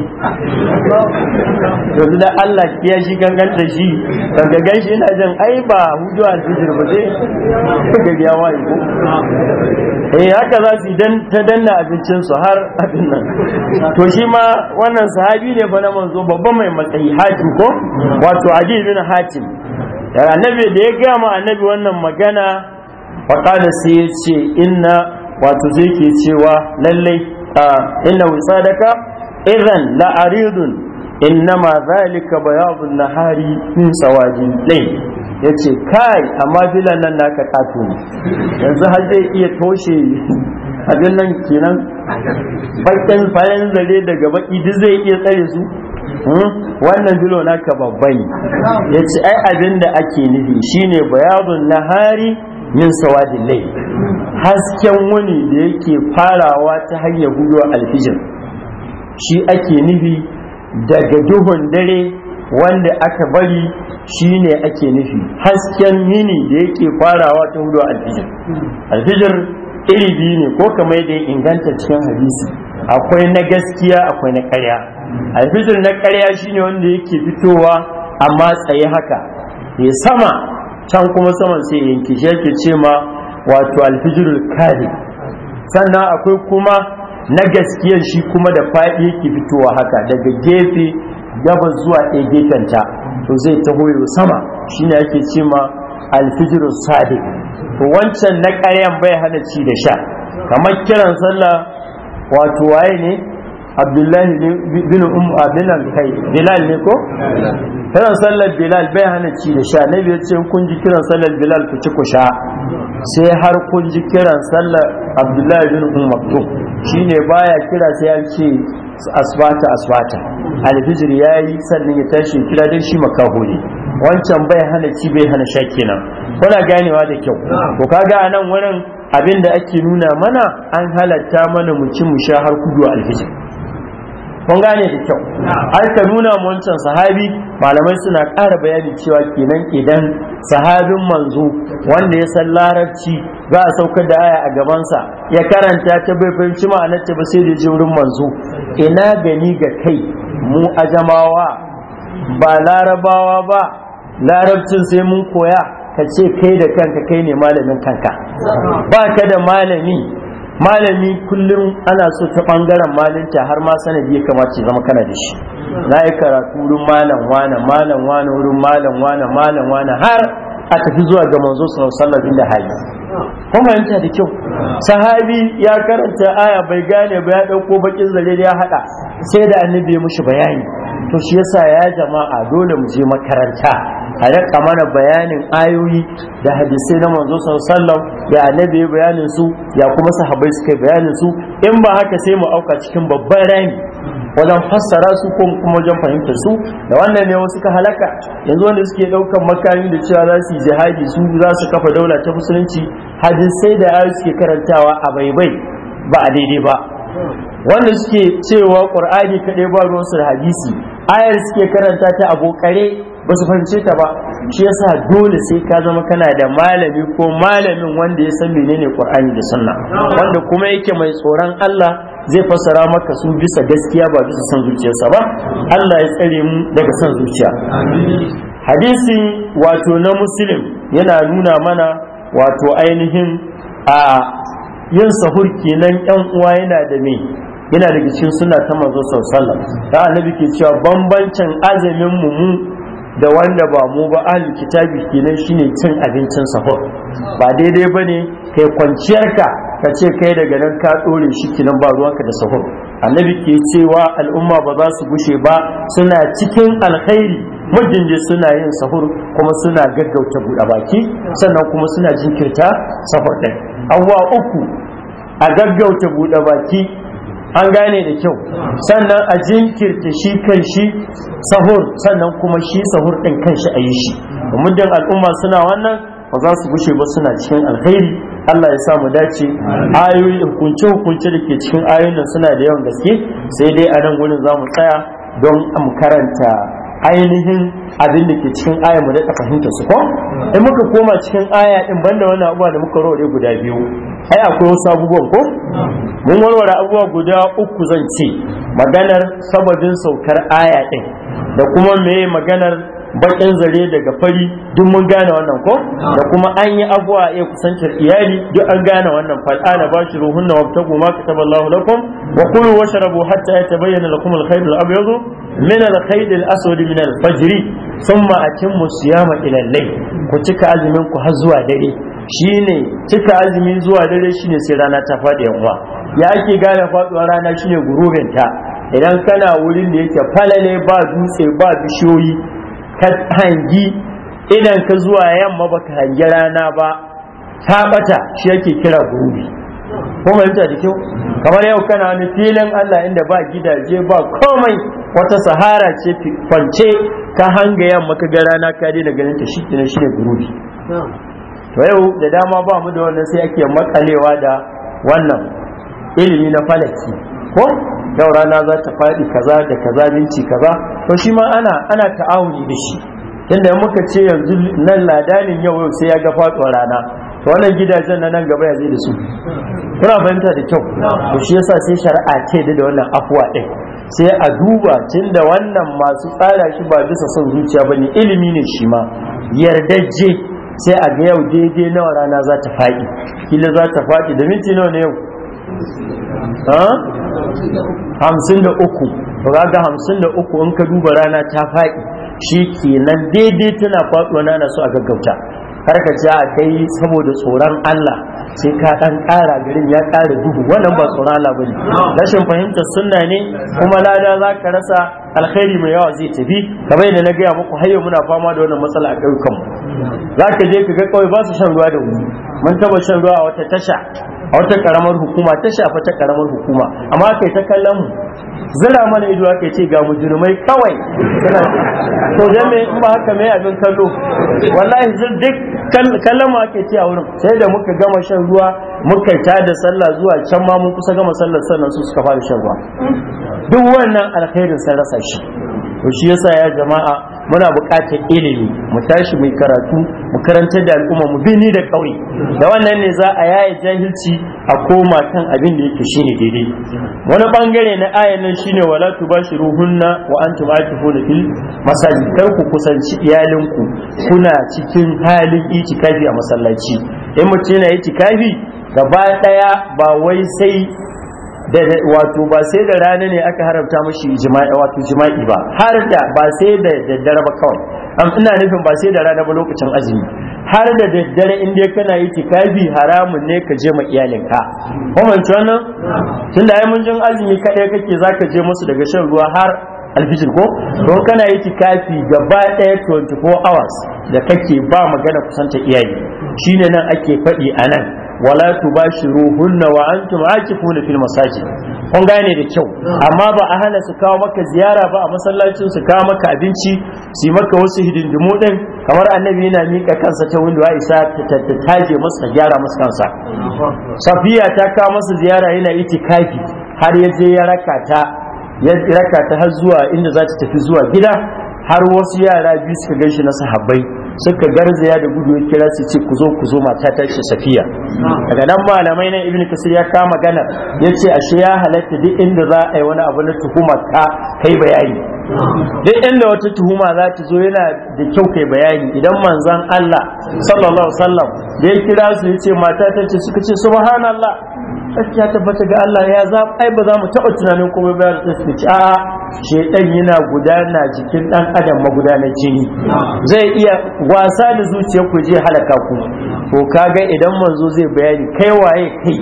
yanzu da Allah kiyashi da shi gangan ganshi ina jin ai ba hudu alfijir ba sai ga ya wani ko eh haka za su dan ta danna abincin su har abin nan to shi ma wannan sahabi ne fa na manzo babban mai matsayi hatim ko wato adi bin hatim da annabi da ya gaya ma annabi wannan magana faƙada sai ya ce inna wato zai ke cewa lallai inna wisadaka idan la'aridun ma zalika bayadun nahari min sawajin lai ya ce kai amma filan nan naka kato ne yanzu har zai iya toshe abin nan kenan bakin fayan zare daga baki duk zai iya tsare su Hmm? wannan dilo naka babban ya ce ai abin da ake nufi shine bayadun nahari min sawadin lai hasken wani da yake farawa ta hanyar guduwa alfijir shi ake nufi daga duhun dare wanda aka bari shi ne ake nufi hasken yini da yake farawa ta hudu alfijir alfijir iri biyu ne ko kamar da inganta cikin hadisi akwai na gaskiya akwai na ƙarya alfijir na ƙarya shine wanda yake fitowa amma tsaye haka ya sama can kuma saman sai yanki shi yake ce ma wato alfijirul kare sannan akwai kuma na gaskiyar shi kuma da faɗi yake fitowa haka daga gefe gabas zuwa ɗaya gefenta to zai taho sama shine ake ce ma alfijirul sadiq to wancan na ƙaryan bai hana ci da sha kamar kiran sallah wato waye ne abdullahi bin um ah, kai bilal ne ko kiran sallar bilal bai hana ci da sha na biyar ce kun ji kiran sallar bilal ku ci ku sha sai har kun ji kiran sallar abdullahi bin um shine baya kira sai ya ce asbata asbata alfijir ya yi sannan ya tashi kira dai shi makaho ne wancan bai hana ci bai hana sha kenan kuna ganewa da kyau ko kaga anan wurin abin da ake nuna mana an halatta mana mu ci mu sha har kudu alfijir kun gane da kyau ai ka nuna wancan sahabi malamai suna ƙara bayani cewa kenan idan sahabin manzo wanda ya san larabci za a saukar da aya a gabansa ya karanta ta bai fahimci ta ba sai da je manzo ina gani ga kai mu ajamawa ba larabawa ba larabcin sai mun koya ka ce kai da kanka kai ne malamin kanka ba ka da malami malami kullum ana so ta bangaren malinta har ma sanadi ya kamace zama kana da shi na yi karatu wurin malam wana malam wana wurin malam wana malam wana har a tafi zuwa ga manzo sallallahu inda hali ko ta da kyau sahabi ya karanta aya bai gane ba ya dauko bakin zare ya hada sai da annabi ya mushi bayani to shi yasa ya jama'a dole mu je makaranta a rika mana bayanin ayoyi da hadisai na manzo sallallahu ya annabi ya bayanin su ya kuma sahabbai suka bayanin su in ba haka sai mu auka cikin babban rami wajen fassara su ko kuma wajen fahimtar su da wannan ne wasu ka halaka yanzu wanda suke daukan makami da cewa za su yi jihadi su za su kafa daula ta musulunci hadisai da ayoyi suke karantawa a baibai ba a daidai ba wanda suke cewa qur'ani kadai ba ruwan su da hadisi ayar suke karanta ta abokare ba su fahimce ta ba shi yasa dole sai ka zama kana da malami ko malamin wanda ya san menene qur'ani da sunna wanda kuma yake mai tsoron Allah zai fassara maka su bisa gaskiya ba bisa san zuciyarsa ba Allah ya tsare mu daga son zuciya hadisi wato na muslim yana nuna mana wato ainihin a yin sahur kenan yan uwa yana da me yana daga cikin suna ta manzo sallallahu ta annabi ke cewa bambancin azumin mu mu da wanda ba mu ba ahli kitabi kenan shine cin abincin sahur ba daidai bane kai kwanciyar ka ka ce kai daga nan ka dore shi kenan ba ruwanka da sahur annabi ke cewa al'umma ba za su gushe ba suna cikin alkhairi majinje suna yin sahur kuma suna gaggauta buɗe baki sannan kuma suna jinkirta safar ɗin abubuwa uku a gaggauta buɗe baki an gane da kyau sannan a jinkirta shi kan shi sahur sannan kuma shi sahur ɗin kan shi a yi shi muddin al'umma suna wannan ba za su gushe ba suna cikin alkhairi Allah ya samu dace ayoyi hukunce hukunce da ke cikin ayoyin suna da yawan gaske sai dai a nan gurin za mu tsaya don mu karanta ainihin abin da ke cikin aya mu daɗa fahimta su ko in muka koma cikin aya in banda wani abuwa da muka rore guda biyu ai akwai wasu abubuwan ko mun warware abubuwa guda uku zan ce maganar sababin saukar aya ɗin da kuma me maganar bakin zare daga fari duk mun gane wannan ko da kuma an yi abuwa iya kusancin iyali duk an gane wannan fal'ana ba shi ruhun na wabtagu ma kataballahu lakum wa kulu washrabu hatta yatabayyana lakum al-khayr al-abyad من الخيل khayl من الفجر ثم al-fajr thumma الليل كتك ila al-layl ku cika azumin har zuwa dare shine cika azumi zuwa dare shine sai rana ta faɗi yan uwa ya ake gane faɗuwar rana shine gurubin ta idan kana wurin da yake falale ba dutse ba bishiyoyi ka hangi idan ka zuwa yamma baka hangi rana ba ta bata shi yake kira gurubi ko fahimta da kyau kamar yau kana wani filin Allah inda ba gidaje ba komai wata sahara ce kwance ka hanga yamma ka ga rana ka daina ganin ta ne shine gurubi to yau da dama ba mu da wannan sai ake makalewa da wannan ilimi na falaki ko da rana za ta faɗi kaza da kaza minti kaza to shi ma ana ana ta'awuni da shi tunda muka ce yanzu nan ladanin yau yau sai ya ga faɗuwar rana wannan gidajen na nan gaba ya zai da su kuna fahimta da kyau to shi yasa sai shari'a ce da wannan afuwa din sai a duba tun da wannan masu tsara shi ba bisa son zuciya ba ne ilimi ne shi ma yardaje sai a ga yau daidai nawa rana za ta faɗi kila za ta faɗi da minti nawa ne yau hamsin da uku ga hamsin da uku in ka duba rana ta faɗi shi kenan daidai tana faɗuwa na so a gaggauta har ka ce a kai saboda tsoron Allah sai ka dan ƙara garin ya ƙara duhu wannan ba tsoron Allah bane rashin fahimtar sunna ne kuma lada za ka rasa alkhairi mai yawa zai tafi kamar yadda na gaya muku hayo muna fama da wannan matsala a ƙauyukanmu za ka je ka ga kawai ba su shan ruwa da wuri mun taba shan ruwa a wata tasha a wata karamar hukuma ta shafa ta karamar hukuma amma kai ta kallon mu zira mana ido ake ce ga mujrimai kawai to dan me in ba haka me abin kallo wallahi duk kallon mu ake ce a wurin sai da muka gama shan ruwa muka ta da sallah zuwa can ma mun kusa gama sallar sannan su suka fara shan ruwa duk wannan alkhairin sai rasa shi to shi yasa ya jama'a muna buƙatar ilimi mu tashi mu karatu mu karanta da al'umma mu bini da ƙauye da wannan ne za a yaye jahilci a koma kan abin da yake shine daidai wani bangare na ayan nan shine wala tubashiruhunna wa antum atifuna fil masajid kar ku kusanci iyalinku kuna cikin halin itikafi a masallaci in mutum yana itikafi gaba daya ba wai sai daga wato ba sai da rana ne aka haramta mashi jima'i wato jima'i ba har da ba sai da daddare ba kawai am ina nufin ba sai da rana ba lokacin azumi har da daddare in dai kana yi tikafi haramun ne ka je ma iyalinka kuma wannan tunda ai mun jin azumi kaɗai kake zaka je musu daga shan ruwa har alfijir ko don kana yi tikafi gaba ɗaya 24 hours da kake ba magana kusanta iyali shine nan ake faɗi a nan wala tubashiruhunna wa antum aqifuna fil masajid kun gane da kyau amma ba a hana su kawo maka ziyara ba a masallacin su kawo maka abinci su maka wasu hidindimu din kamar annabi yana mika kansa ta windo Aisha ta taje masa gyara masa kansa Safiya ta kawo masa ziyara yana itikafi har ya je ya raka ya raka har zuwa inda za ta tafi zuwa gida har wasu yara biyu suka gaishe na sahabbai suka garzaya da gudu ya kira su ce ku zo ku zo mata ta ce safiya daga nan malamai na ibnu kasir ya kama gana yace ashe ya halatta duk inda za a yi wani abu na tuhuma ka kai bayani duk inda wata tuhuma za ta zo yana da kyau kai bayani idan manzon Allah sallallahu alaihi wasallam da ya kira su yace mata ta ce suka ce subhanallah gaskiya tabbata ga Allah ya za ai ba za mu taɓa tunanin kuma ba da ce a shedan yana gudana jikin dan adam magudanar jini zai iya wasa da zuciyar ku je halaka ku ko kaga idan manzo zai bayani kai waye kai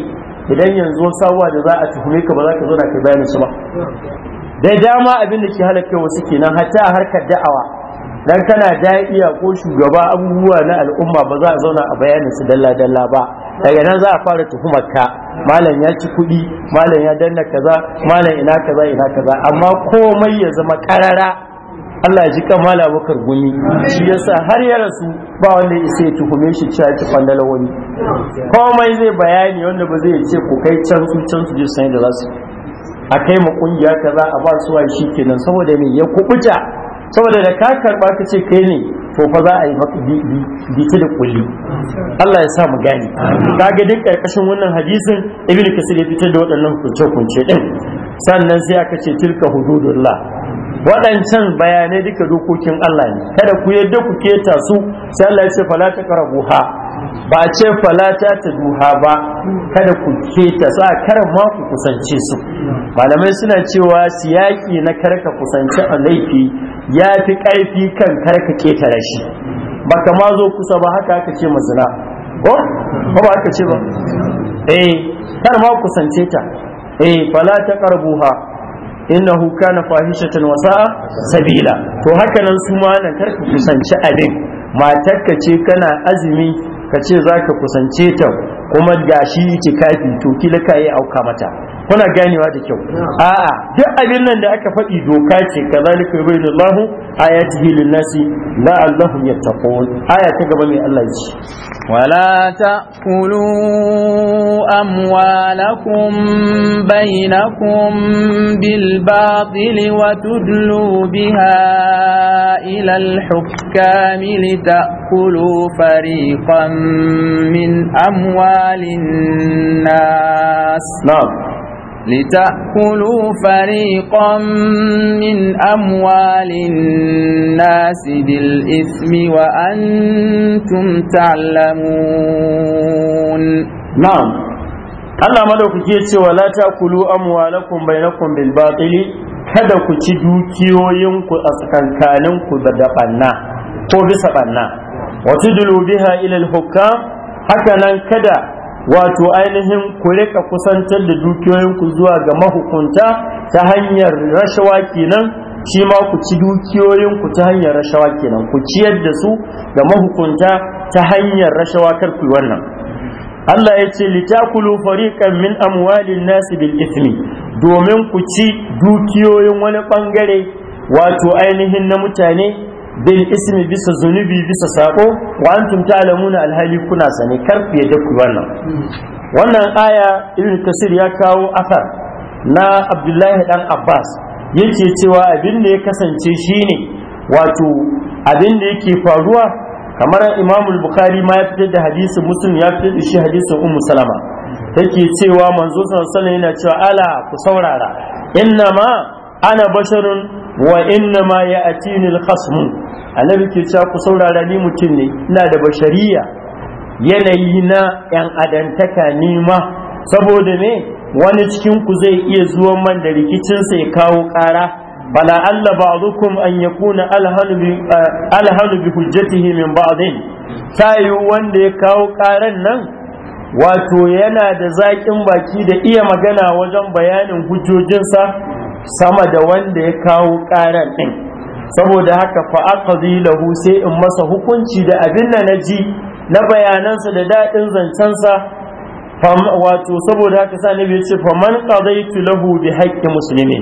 idan yanzu sawa da za a tuhume ka ba za ka zo da kai bayanin su ba da dama abin da ke halaka wasu kenan hatta harkar da'awa dan kana da'iya ko shugaba abubuwa na al'umma ba za a zauna a bayanin su dalla dalla ba daga nan za a fara tuhumar ka malam ya ci kuɗi malam ya danna kaza malam ina kaza ina kaza amma komai ya zama karara Allah ji kamala bakar gumi shi yasa har ya rasu ba wanda ya sai tuhume shi cewa ta fandala wani komai zai bayani wanda ba zai ce ko kai can su can su je sai da zasu a kai ma kungiya kaza a ba su shi kenan saboda me ya kubuta saboda da ka karba ka ce kai ne to fa za a yi biki da kulli Allah ya sa mu gane kaga duk karkashin wannan hadisin ibn kasir ya fitar da waɗannan kunce kunce din sannan sai aka ce tilka hududullah waɗancan bayanai duka dokokin Allah ne kada ku yadda ku keta su sai Allah ya ce fala ha ba ce falata ta duha ba kada ku keta sa karan ma ku kusance su malamai suna cewa siyaki na karka kusance a laifi ya fi ƙarfi kan karka rashi shi ka ma zo kusa ba haka aka ce mazina ko ba aka ce ba eh kar ma kusance ta eh falata karbuha innahu kana fahishatan wa sa'a sabila to haka nan su ma nan karka kusance abin matarka ce kana azumi ka ce za ka kusance ta kuma gashi kafi to kila ka auka mata kuna ganewa da kyau a'a duk abin nan da aka faɗi doka ce kazalika yubayyinu Allahu ayatihi lin-nasi la'allahum yattaqun aya ta gaba mai Allah ya ce wala ta'kulu amwalakum bainakum bil batil wa tudlu biha ila al-hukam litakulu fariqan min amwalin nas لتأكلوا فريقا من أموال الناس بالإثم وأنتم تعلمون نعم Allah madaukake cewa la تأكلوا أموالكم بينكم بالباطل kada ku ci dukiyoyinku a tsakankaninku da dabanna ko bisa banna wa tudlu biha ila al hukam haka nan kada wato ainihin ku rika kusantar da dukiyoyinku zuwa ga mahukunta ta hanyar rashawa kenan shi ma ku ci dukiyoyinku ta hanyar rashawa kenan ku ciyar da su ga mahukunta ta hanyar rashawa kar ku wannan Allah ya ce litakulu fariqan min amwalin nasi bil ismi domin ku ci dukiyoyin wani bangare wato ainihin na mutane bil ismi bisa zunubi bisa sako wa antum ta'lamuna alhali kuna sane karfi da ku wannan wannan aya ibn kasir ya kawo asar na abdullahi dan abbas yake cewa abin da ya kasance shine wato abin da yake faruwa kamar imam bukhari ma ya fitar da hadisin muslim ya fitar da shi hadisin ummu salama take cewa manzo sallallahu alaihi wasallam yana cewa ala ku saurara inna ma ana basharun wa inna ma ya atini al-khasm annabi ke cewa ku saurara ni mutum ne ina da bashariya yanayi na yan adantaka ni ma saboda me wani cikin ku zai iya zuwa man da rikicinsa ya kawo ƙara bala alla ba'dukum an yakuna alhanu bi eh, hujjatihi min ba'din tayu wanda ya kawo ƙaran nan wato yana da zaƙin baki da iya magana wajen bayanin hujjojinsa sama da wanda ya kawo ƙaran ɗin saboda haka fa'aƙazi lahu sai in masa hukunci da abin da na ji na bayanansa da daɗin zancensa wato saboda haka sa nabi ce faman qadaytu lahu bi haqqi muslimi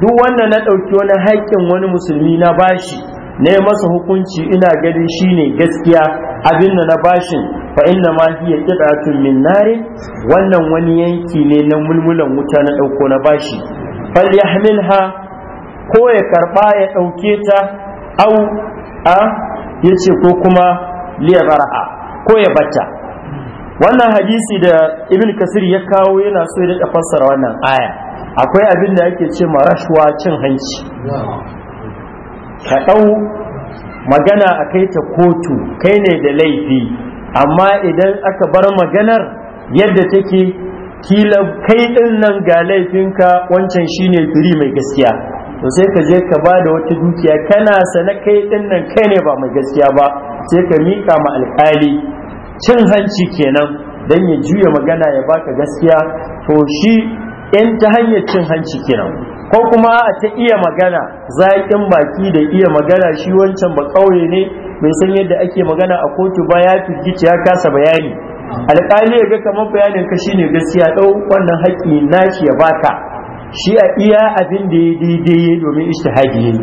duk wanda na ɗauki wani haƙƙin wani musulmi na bashi ne masa hukunci ina gani shine gaskiya abin da na bashin fa inna ma hiya qidatun min nari wannan wani yanki ne na mulmulan wuta na ɗauko na bashi falyahmilha ko ya karba ya ɗauke ta au a ya ce ko kuma liyabara'a ko ya bata wannan hadisi da ibn kasir ya kawo yana so ya fassara wannan aya akwai abin da ake ce marashuwa cin hanci ka ɗau magana a kai ta kotu kai ne da laifi amma idan aka bar maganar yadda take kila kai din nan ga laifinka wancan shine firi mai gaskiya to sai ka je ka ba da wata dukiya kana sana kai din nan kai ne ba mai gaskiya ba sai ka mika ma alkali cin hanci kenan dan ya juya magana ya baka gaskiya to shi in ta hanyar cin hanci kenan ko kuma a ta iya magana zaƙin baki da iya magana shi wancan ba ƙauye ne bai san yadda ake magana a kotu ba ya firgici ya kasa bayani alƙali ya ga kamar bayanin ka ne gaskiya ɗau wannan haƙƙi nashi ya baka shi a iya abin da ya daidai ya domin ishtihadi ne.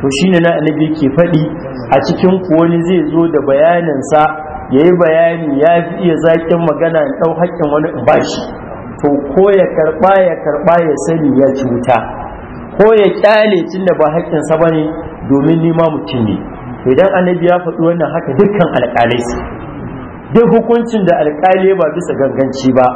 to shine na annabi ke faɗi a cikin kuwani zai zo da bayaninsa ya yi bayani ya fi iya zaƙin magana in ɗau haƙƙin wani in bashi to ko ya karɓa ya karɓa ya sani ya ci wuta ko ya ƙyale tun da ba haƙƙinsa ba ne domin nima mutum ne idan annabi ya faɗi wannan haka dukkan alƙalai su. duk hukuncin da alkali ba bisa ganganci ba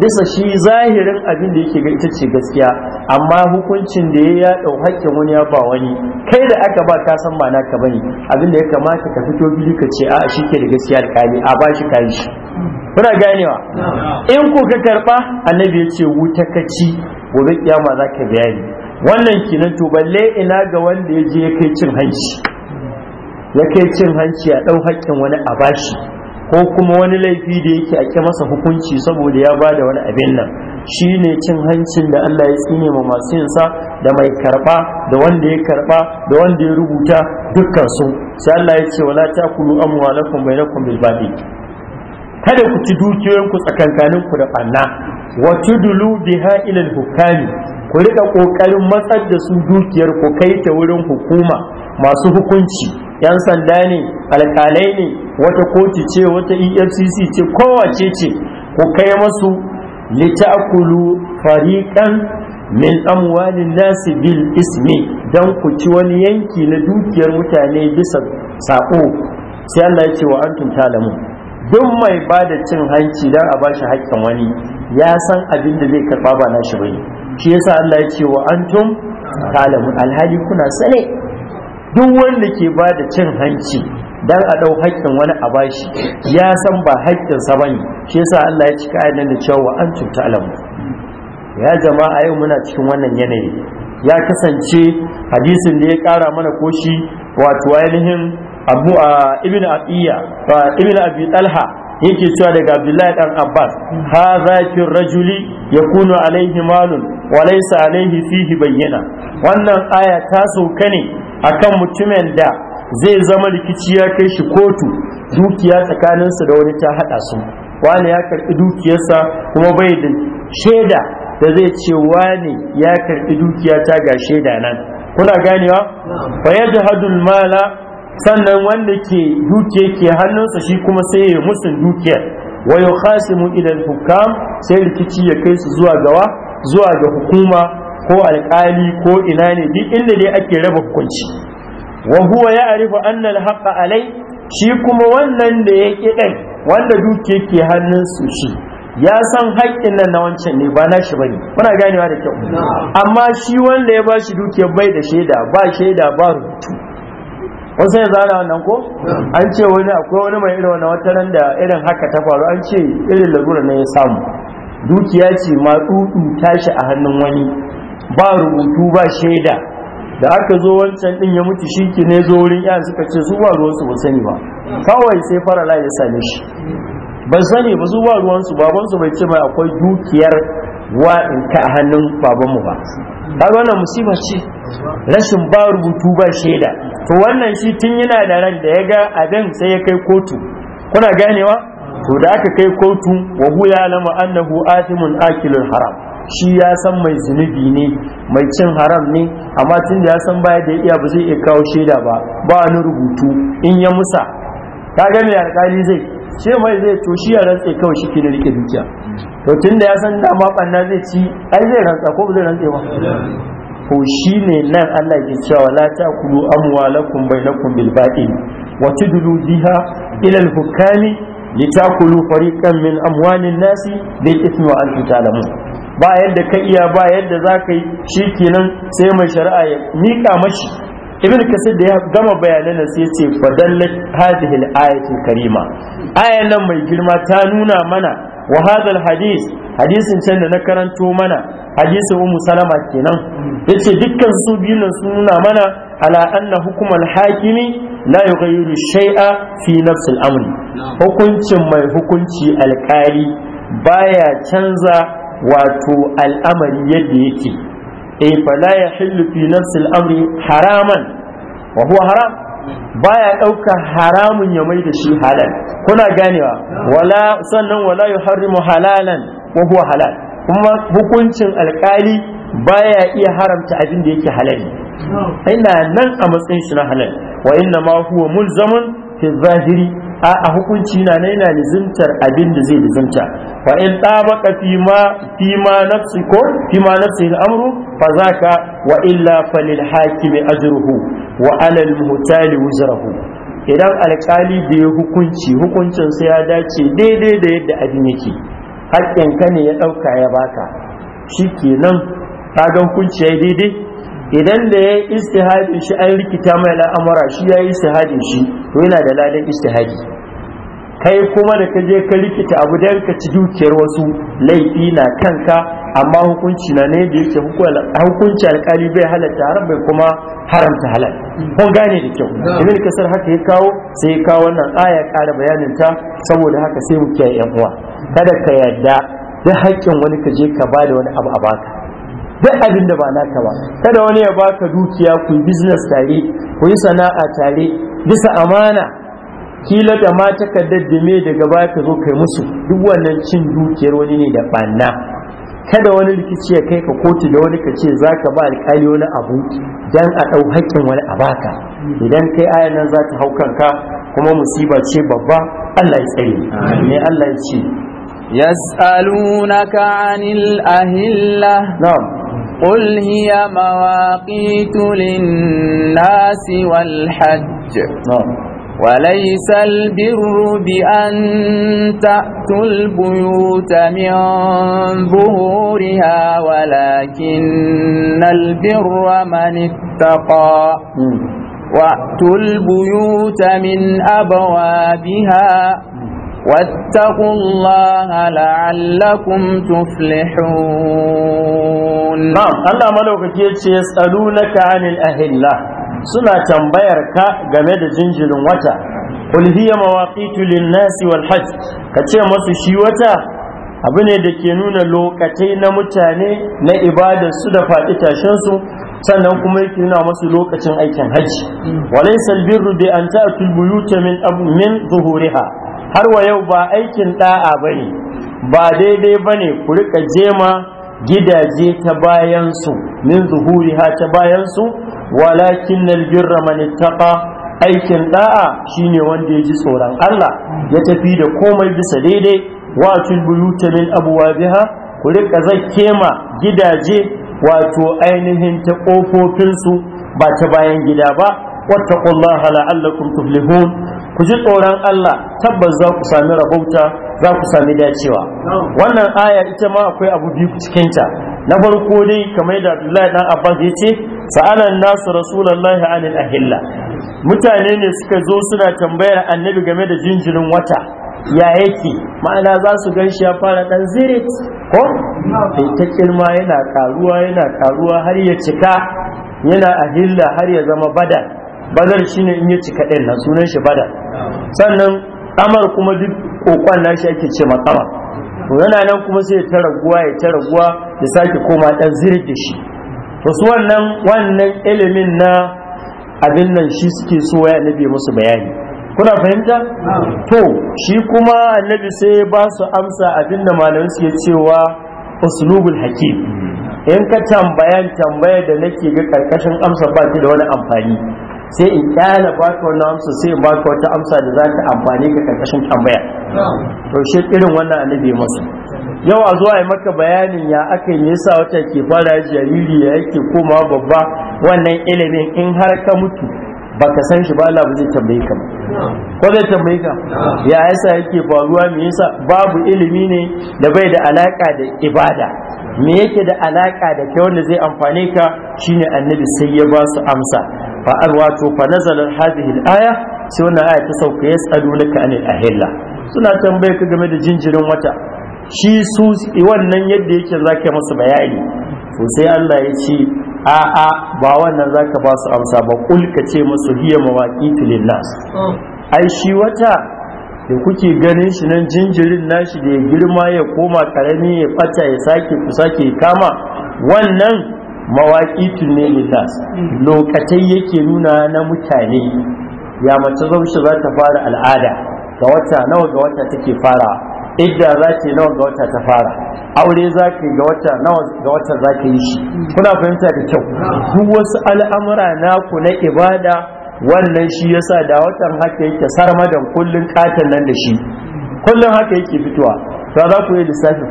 bisa shi zahirin abin da yake ga ita ce gaskiya amma hukuncin da ya ya dau hakkin wani ya ba wani kai da aka ba ka san mana ka bane abin da ya kamata ka fito biyu ka ce a'a shike da gaskiya alkali a ba shi kai shi kuna ganewa in ku ka karba annabi ya ce wuta kaci gobe kiyama za ka bayani wannan kinan to balle ina ga wanda ya je ya kai cin hanci ya kai cin hanci a ɗau hakkin wani a bashi ko kuma wani laifi da yake a ke masa hukunci saboda ya bada wani abin nan shine cin hancin da Allah ya tsine ma masu yinsa da mai karba da wanda ya karba da wanda ya rubuta dukkan su sai Allah ya ce wala takulu amwalakum bainakum bil batil kada ku ci dukiyoyin ku tsakankanin ku da banna wa tudlu biha ila al hukami ku rika kokarin matsar da su dukiyar ku kai ta wurin hukuma masu hukunci yan sanda ne alkalai ne wata kotu ce wata efcc ce kowace ce ku kai masu litakulu fariƙan min amwalin nasi bil ismi don ku ci wani yanki na dukiyar mutane bisa saƙo sai Allah ya ce wa antum talamu duk mai ba da cin hanci don a bashi haƙƙin wani ya san abin da zai karɓa ba na bane shi yasa Allah ya ce wa antum talamu alhali kuna sane duk wanda ke ba da cin hanci dan a ɗau haƙƙin wani a bashi ya san ba haƙƙinsa ba ne shi yasa Allah ya cika ayyana da cewa an cuta alamu ya jama'a yau muna cikin wannan yanayi ya kasance hadisin da ya ƙara mana koshi wato ainihin abu a ibn abiya ba ibn abi talha yake cewa daga abdullahi dan abbas ha zakir rajuli yakunu alaihi malun wa laysa alaihi fihi bayyana wannan aya ta sauka ne akan mutumin da zai zama rikici ya kai shi kotu dukiya tsakaninsa da wani ta haɗa su wani ya karɓi dukiyarsa kuma bai da shaida da zai ce wani ya karɓi dukiya ta ga shaida nan kuna ganewa fa yajhadul mala sannan wanda ke dukiya ke hannunsa shi kuma sai ya musun dukiyar wa yukhasimu ila hukam sai rikici ya kai su zuwa gawa zuwa ga hukuma ko alƙali ko ina ne duk inda dai ake raba hukunci wa huwa ya arifu annal haqqa alai shi kuma wannan da ya kiɗan wanda duke ke hannun su shi ya san haƙƙin nan na wancan ne ba nashi bane muna ganewa da kyau amma shi wanda ya bashi dukiyar bai da shaida ba shaida ba rubutu wasu yanzu ana wannan ko an ce wani akwai wani mai irin wannan wata da irin haka ta faru an ce irin larura ne ya samu dukiya ce ma tsudu tashi a hannun wani ba rubutu ba shaida da aka zo wancan din ya mutu shi ne zo wurin yan suka ce su ba ruwansu ba sani ba kawai sai farala ya same shi ban sani ba su ba ruwansu su bai ce mai akwai dukiyar wa in ka a hannun mu ba har wannan musiba ce rashin ba rubutu ba shaida to wannan shi tun yana da ran da ya ga abin sai ya kai kotu kuna ganewa to da aka kai kotu wa huya lama annahu atimun akilul haram shi ya san mai zunubi ne mai cin haram ne amma tun da ya san baya da iya ba zai iya kawo shaida ba ba wani rubutu in ya musa ta gani mai alkali zai ce mai zai to shi ya rantse kawai shi ke da rike dukiya to tun da ya san dama banna zai ci ai zai rantsa ko ba zai rantse ba ko shi ne nan Allah ke cewa la ta kulu amwalakum bainakum bil batil wa tudlu biha ila al hukami litakulu fariqan min amwalin nasi bil ithmi wa antum ta'lamun ba yadda ka iya ba yadda za ka yi shi kenan sai mai shari'a ya miƙa mashi ibn kasir da ya gama bayanan sai ce fadallat hadhihi al karima ayan nan mai girma ta nuna mana wa hadal hadis hadisin can da na karanto mana hadisi ummu salama kenan yace dukkan su biyu nan sun nuna mana ala anna hukumar hakimi la yughayyiru shay'a fi nafsi al-amri hukuncin mai hukunci alkali baya canza wato al'amari yadda yake eh fala ya hillu fi nafsil amri haraman wa huwa haram baya ɗaukar haramun ya mai da shi halal kuna ganewa wala sannan wala ya yuharrimu halalan wa huwa halal kuma hukuncin alkali baya iya haramta abin da yake halal ina nan a matsayin shi na halal wa inna ma huwa mulzamun fi zahiri a a hukunci na ne na lizimtar abin da zai lizimta fa in tabaka fi ma fi ma nafsi ko fi ma nafsi al-amru fa zaka wa illa falil hakim ajruhu wa ala al-muhtali idan alkali da ya hukunci hukuncin sa ya dace daidai da yadda abin yake haƙƙin ka ne ya ɗauka ya baka shikenan ka ga hukunci ya daidai idan da ya istihadi shi an rikita mai al'amura shi ya yi istihadi shi to yana da ladan istihadi kai kuma da ka je ka rikita abu da ka ci dukiyar wasu laifi na kanka amma hukunci na ne da yake hukunci alkali bai halatta haram bai kuma haramta halal kun gane da kyau Idan ka kasar haka ya kawo sai ya kawo wannan aya ƙara bayanin ta saboda haka sai mu kiyaye yan uwa kada ka yarda da haƙƙin wani ka je ka ba da wani abu a baka duk abin da ba naka ba kada wani ya baka dukiya ku yi business tare ku yi sana'a tare bisa amana kila da ma takardar me daga ba ka zo kai musu duk wannan cin dukiyar wani ne da banna kada wani rikici ya kai ka kotu da wani ka ce za ka ba alkali wani abu dan a ɗau haƙƙin wani a baka idan kai ayan nan za ta hau kanka kuma musiba ce babba Allah ya tsare ne Allah ya ce yas'alunaka anil ahilla na'am قل هي مواقيت للناس والحج نعم. وليس البر بأن تأتوا البيوت من ظهورها ولكن البر من اتقى وأتوا البيوت من أبوابها واتقوا الله لعلكم تفلحون نعم الله ملوك يتي يسألونك عن الأهلة سنة تنبيرك جمد جنجل وتا قل هي مواقيت للناس والحج كتير مصر شي وتا da ke nuna lokacai na mutane na ibadar su da faɗi su sannan kuma yake nuna masu lokacin aikin hajji walaisal birru bi an ta'tul buyuta min min zuhuriha har wa yau ba aikin da'a bane ba daidai ba ne ku rika jema gidaje ta bayansu min ha ta bayansu walakin nal birra man aikin da'a shine wanda ya ji tsoron Allah ya tafi da komai bisa daidai wato buyuta min abwabiha ku rika zakke ma gidaje wato ainihin ta kofofin ba ta bayan gida ba wattaqullaha la'allakum tuflihun ku ji tsoron Allah tabbas za ku sami rahota za ku sami dacewa wannan aya ita ma akwai abu biyu cikinta na farko dai kamar da Abdullahi dan Abbas yace ce sa'alan nasu rasulullahi anil ahilla mutane ne suka zo suna tambayar annabi game da jinjirin wata ya yake ma'ana za su gan shi ya fara dan zirit ko ta kirma yana karuwa yana karuwa har ya cika yana ahilla har ya zama badal badar shine in yi cika ɗin na sunan shi Bada. sannan ƙamar kuma duk kokon nashi ake ce makama to yana nan kuma sai ta raguwa ya ta raguwa ya sake koma dan zirge shi to su wannan wannan ilimin na abin nan shi suke so ya nabi musu bayani kuna fahimta to shi kuma annabi sai ba su amsa abin da malamai suke cewa uslubul hakim in ka tambaya tambaya da nake ga karkashin amsa ba da wani amfani sai in kyala baka wani amsa sai in baka wata amsa da za ta amfani ka karkashin tambaya to shi irin wannan annabi masu yau a zuwa yi maka bayanin ya aka yi yasa wata ke fara jariri ya yake koma babba wannan ilimin in har ka mutu baka san shi ba Allah ba zai tambaye ka ko zai tambaye ka ya yasa yake faruwa me yasa babu ilimi ne da bai da alaka da ibada me yake da alaƙa da kyau wanda zai amfani ka shine annabi sai ya ba su amsa fa wato fa nazala hadhihi al-aya sai wannan aya ta sauka yas'alunaka anil ahilla suna tambaye ka game da jinjirin wata shi su wannan yadda yake zaka masa bayani to sai Allah ya ce a'a a ba wannan zaka ba su amsa ba kul ka ce musu hiya mawaqitu lin ai shi wata da kuke ganin shi nan jinjirin nashi da ya girma ya koma karami ya fata ya sake ku sake kama wannan mawaƙi tunelitas lokacin yake nuna na mutane ya mace zaushe za ta fara al'ada ga wata nawa ga wata take fara idda za ta yi nawa ga wata ta fara aure za ka yi ga wata nawa ga wata za ka yi shi kuna fahimta da kyau duk wasu al'amura naku na ibada wannan shi yasa da watan haka yake sarmadan kullun katan nan da shi kullun haka yake fitowa to za ku yi lissafi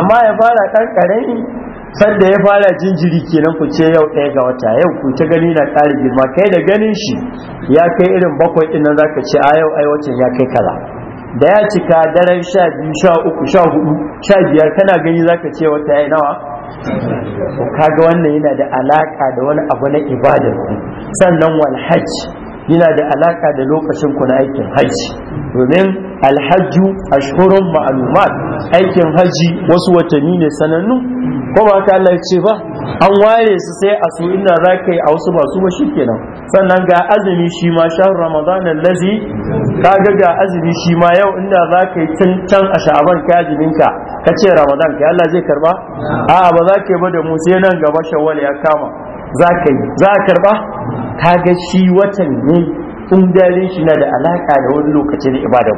amma ya fara ɗan ƙarami sanda ya fara jinjiri kenan ku ce yau ɗaya ga wata yau ku ta gani na ƙari girma kai da ganin shi ya kai irin bakwai ɗin nan zaka ce a yau ai watan ya kai kaza da ya cika daren sha biyu sha uku sha hudu sha biyar kana gani zaka ce wata ya nawa to kaga wannan yana da alaka da wani abu na ibadar ku sannan wal hajj yana da alaka da lokacin ku na aikin hajj domin alhajju ashhurun ma'lumat aikin haji wasu watanni ne sanannu ko ba ka Allah ya ce ba an ware su sai a su inda za ka yi a wasu ba su ba shi kenan sannan ga azumi shi ma shahar ramadan allazi ka ga ga azumi shi ma yau inda za ka yi tun can a sha'aban ka ka ce ramadan ka Allah zai karba a'a ba za ka yi ba da mu sai nan gaba shawwal ya kama za ka yi za a karba ka ga shi watan ne tun dalin shi na da alaka da wani lokacin da ibadar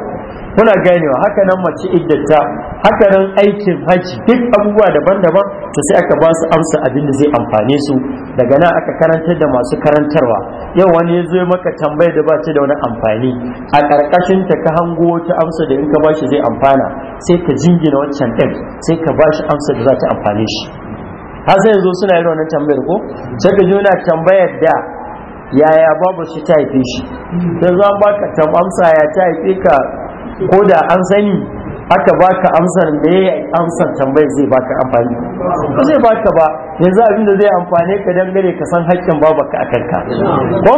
kuna ganewa haka nan mace iddata haka nan aikin haji duk abubuwa daban-daban to sai aka ba su amsa abin da zai amfane su daga nan aka karantar da masu karantarwa yau wani ya zo maka tambaya da ba ta da wani amfani a ƙarƙashin ta ka hango ta amsa da in ka ba shi zai amfana sai ka jingina waccan ɗin sai ka ba shi amsa da za ta amfane shi har sai yanzu suna yin wannan tambayar ko sai ka na tambayar da yaya babu shi ta haife shi sai za ba ka amsa ya ta haife ka ko da an sani aka baka amsar da ya yi amsar tambayar zai baka amfani ko zai baka ba yanzu abin da zai amfane ka dangare ka san haƙƙin baka a kanka ko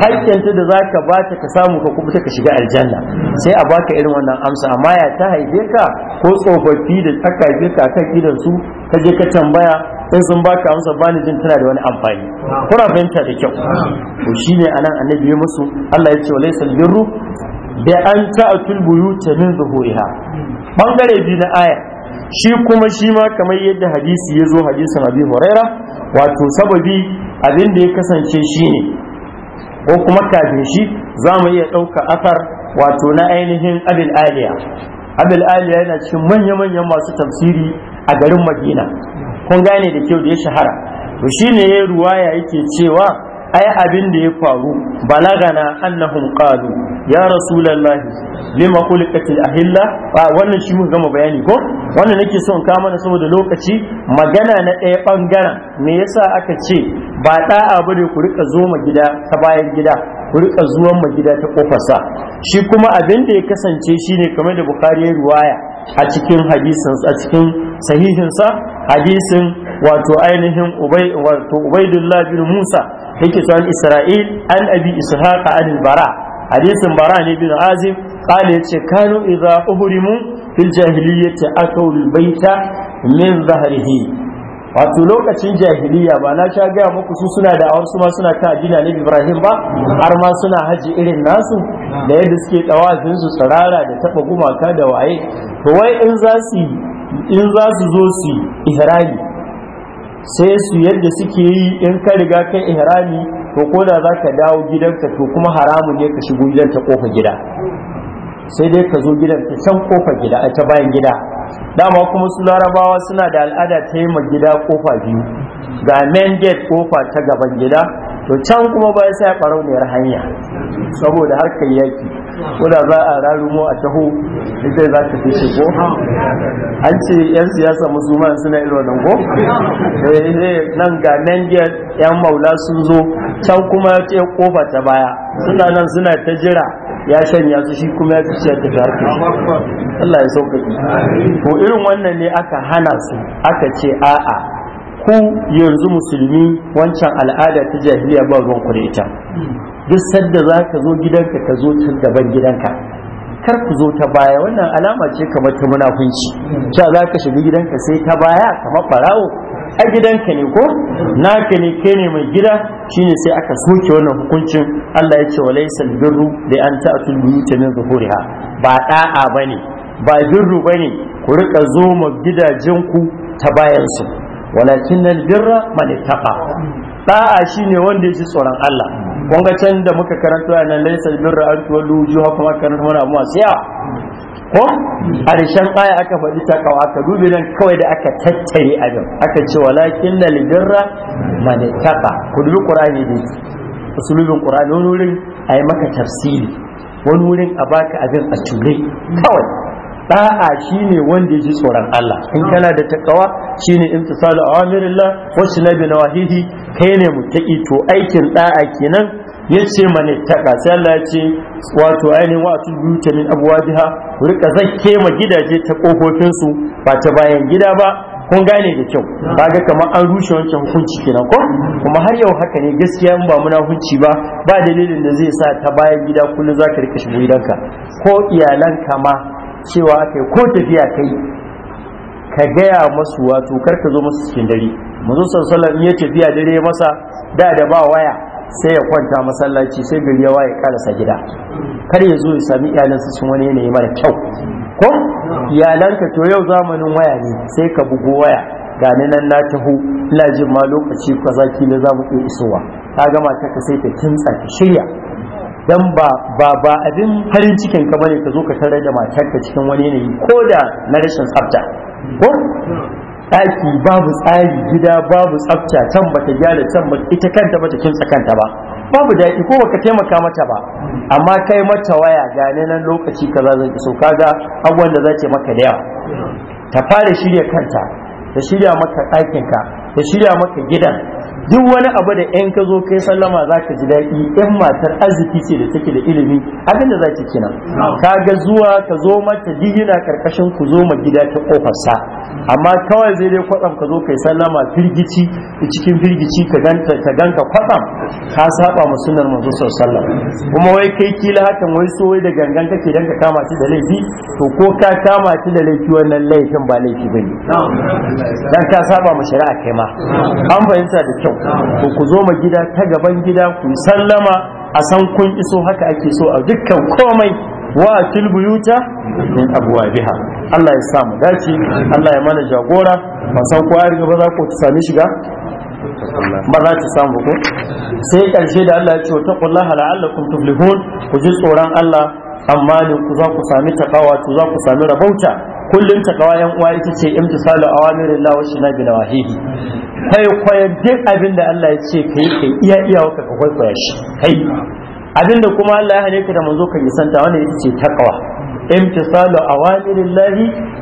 haƙƙin ta da za ka bata ka samu ka kuma ka shiga aljanna sai a baka irin wannan amsa amma ya ta haife ka ko tsofaffi da aka haife ka akan gidansu ka je ka tambaya in sun baka amsa bani jin tana da wani amfani kuna fahimta da kyau to shine anan annabi ya musu Allah ya ce wa laysal birru da an ta'atul buyuta min zuhuriha bangare biyu na aya shi kuma shi ma kamar yadda hadisi ya zo hadisin abi huraira wato sababi abin da ya kasance shi ne. ko kuma kafin shi za mu iya ɗauka asar wato na ainihin abil aliya abil aliya yana cikin manya-manyan masu tafsiri a garin madina kun gane da kyau da ya shahara to shine ya ruwaya yake cewa ai abin da ya faru balaga na annahum qalu ya rasulullah lima khuliqatil ahilla wannan shi muka gama bayani ko wannan nake son ka mana saboda lokaci magana na ɗaya bangaren me yasa aka ce ba da a bane ku rika zo ma gida ta bayan gida ku rika zuwan ma gida ta kofarsa shi kuma abin da ya kasance shine kamar da bukhari ya riwaya a cikin hadisin a cikin sahihinsa hadisin wato ainihin ubay wato ubaydullah bin musa yake cewa Isra'il an abi ishaq an bara hadisin bara ne bin azim qala yace kanu idza uhrimu fil jahiliyyati akaw al baita min wato lokacin jahiliya ba na sha gaya muku su suna da awar su ma suna ta gina na ibrahim ba har ma suna haji irin nasu da yadda suke dawafin su tsirara da taba gumaka da waye to wai in za su zo su ihrami sai su yadda suke yi in ka riga kai ihrami to ko da za ka dawo gidanka to kuma haramun ne ka shigo gidan ta kofa gida sai dai ka zo gidan ta can kofa gida a ta bayan gida dama kuma su larabawa suna da al'ada ta yi ma gida kofa biyu ga main gate kofa ta gaban gida to can kuma bayan sai ne hanya saboda harkar yaki wadda za a rarumo a taho ita za ta fi shi ko an ce yan siyasa musulman suna irin wannan ko eh, eh, nan ga nan yan maula sun zo can kuma ya ce kofa ta baya suna nan suna ta jira ya shanya su shi kuma ya fi ciyar da harkar Allah ya sauƙaƙi to irin wannan ne aka hana su aka ce a'a ku yanzu musulmi wancan al'ada ta jahiliya ba ruwan ku da ita duk sanda za ka zo gidanka ka zo tun gaban gidanka kar ku zo ta baya wannan alama ce kamar ta munafunci cewa za ka shiga gidanka sai ta baya kamar farawo a gidanka ne ko naka ne kai ne mai gida shine sai aka soke wannan hukuncin Allah ya ce wa laysal birru da an ta'tul buyut min zuhuriha ba da'a bane ba birru bane ku rika zo gidajen ku ta bayansu walakin albirra man ɗa'a shi shine wanda yake tsoron Allah kun ga can da muka karanta a nan laisa birra an tuwallu karanta wani mana mu asiya ko a rishen aya aka faɗi takawa aka dubi nan kawai da aka tattare abin aka ce walakin albirra man ittaqa ku dubi qur'ani ne usulubin qur'ani wani wurin a maka tafsiri wani wurin a baka abin a ture kawai da'a shine wanda ya ji tsoron Allah in kana da takawa shine imtisalu awamirillah wasu nabi nawahihi kai ne mutaki to aikin da'a kenan yace mane taka sai Allah ya ce wato ainihin wa tu min abwajiha rika zakke ma gidaje ta kofofin su ba ta bayan gida ba kun gane da kyau Ba ga kamar an rushe wancan hukunci kenan ko kuma har yau haka ne gaskiya in ba muna hukunci ba ba dalilin da zai sa ta bayan gida kullum zaka rika shigo gidanka ko iyalanka ma cewa aka ko tafiya kai ka gaya masu wato karka zo masu cikin dare manzo in ya tafiya dare masa da da ba waya sai ya kwanta masallaci sai gari ya waye karasa gida kar ya zo ya sami iyalansa sun wani yanayi mara kyau ko iyalanka to yau zamanin waya ne sai ka bugu waya ni nan na taho ina jin ma lokaci kaza kila za mu iya isowa ka gama ta ka sai ta kintsa ta shirya dan ba ba ba abin farin cikin ka bane ka zo ka tarar da matarka cikin wani yanayi ko da na rashin tsafta ko ɗaki babu tsari gida babu tsafta can bata gyara can ba ita kanta ba, bata kimtsa kanta ba babu daɗi ko baka taimaka mata ba amma kai mata waya gane nan lokaci kaza zan iso kaga abubuwan da za maka da yawa ta fara shirya kanta ta shirya maka ɗakinka ta shirya maka gidan duk wani abu da 'yan ka zo kai sallama za ka ji daɗi 'yan matar arziki ce da take da ilimi abin da za ki kina ka ga zuwa ka zo mata digina karkashin ku zo ma gida ta kofarsa amma kawai zai dai kwatsam ka zo kai sallama firgici cikin firgici ka ganta ka ganka kwatsam ka saba mu sunnar manzo sallallahu kuma wai kai kila hakan wai so wai da gangan kake dan ka kama shi da laifi to ko ka kama shi da laifi wannan laifin ba laifi bane dan ka saba mu shari'a kai ma an fahimta da kyau ku ku zo ma gida ta gaban gida ku sallama a san kun iso haka ake so a dukkan komai wa fil buyuta min abwabiha Allah ya sa mu dace Allah ya mana jagora ba san ko ya riga ba za ku sami shiga ba za ta samu ko sai karshe da Allah ya ce ta kullaha la'allakum tuflihun ku ji tsoron Allah amma ne ku za ku sami takawa ku za ku sami rabauta kullun ta yan uwa ita ce imtisalu awamirillah wa shinabi nawahihi Kai duk abin da Allah ya ce kai kai iya iya waka ka kwaikwaya shi kai abin da kuma Allah ya hane ka da manzo ka gisanta wannan ita ce takawa imtisalu awamirillah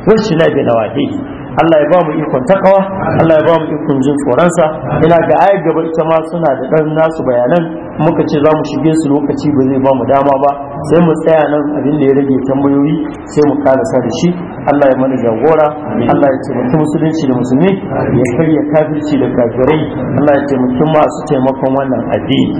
wa shinabi nawahihi Allah ya ba mu ikon takawa Allah ya ba mu ikon jin tsoronsa ina ga ayar gaba ita ma suna da ɗan nasu bayanan muka ce za mu shige su lokaci ba zai ba mu dama ba sai mu tsaya nan abin da ya rage tambayoyi sai mu karasa da shi Allah ya mana jagora Allah ya taimaki musulunci da musulmi ya karya kafirci da kafirai Allah ya taimaki masu taimakon wannan addini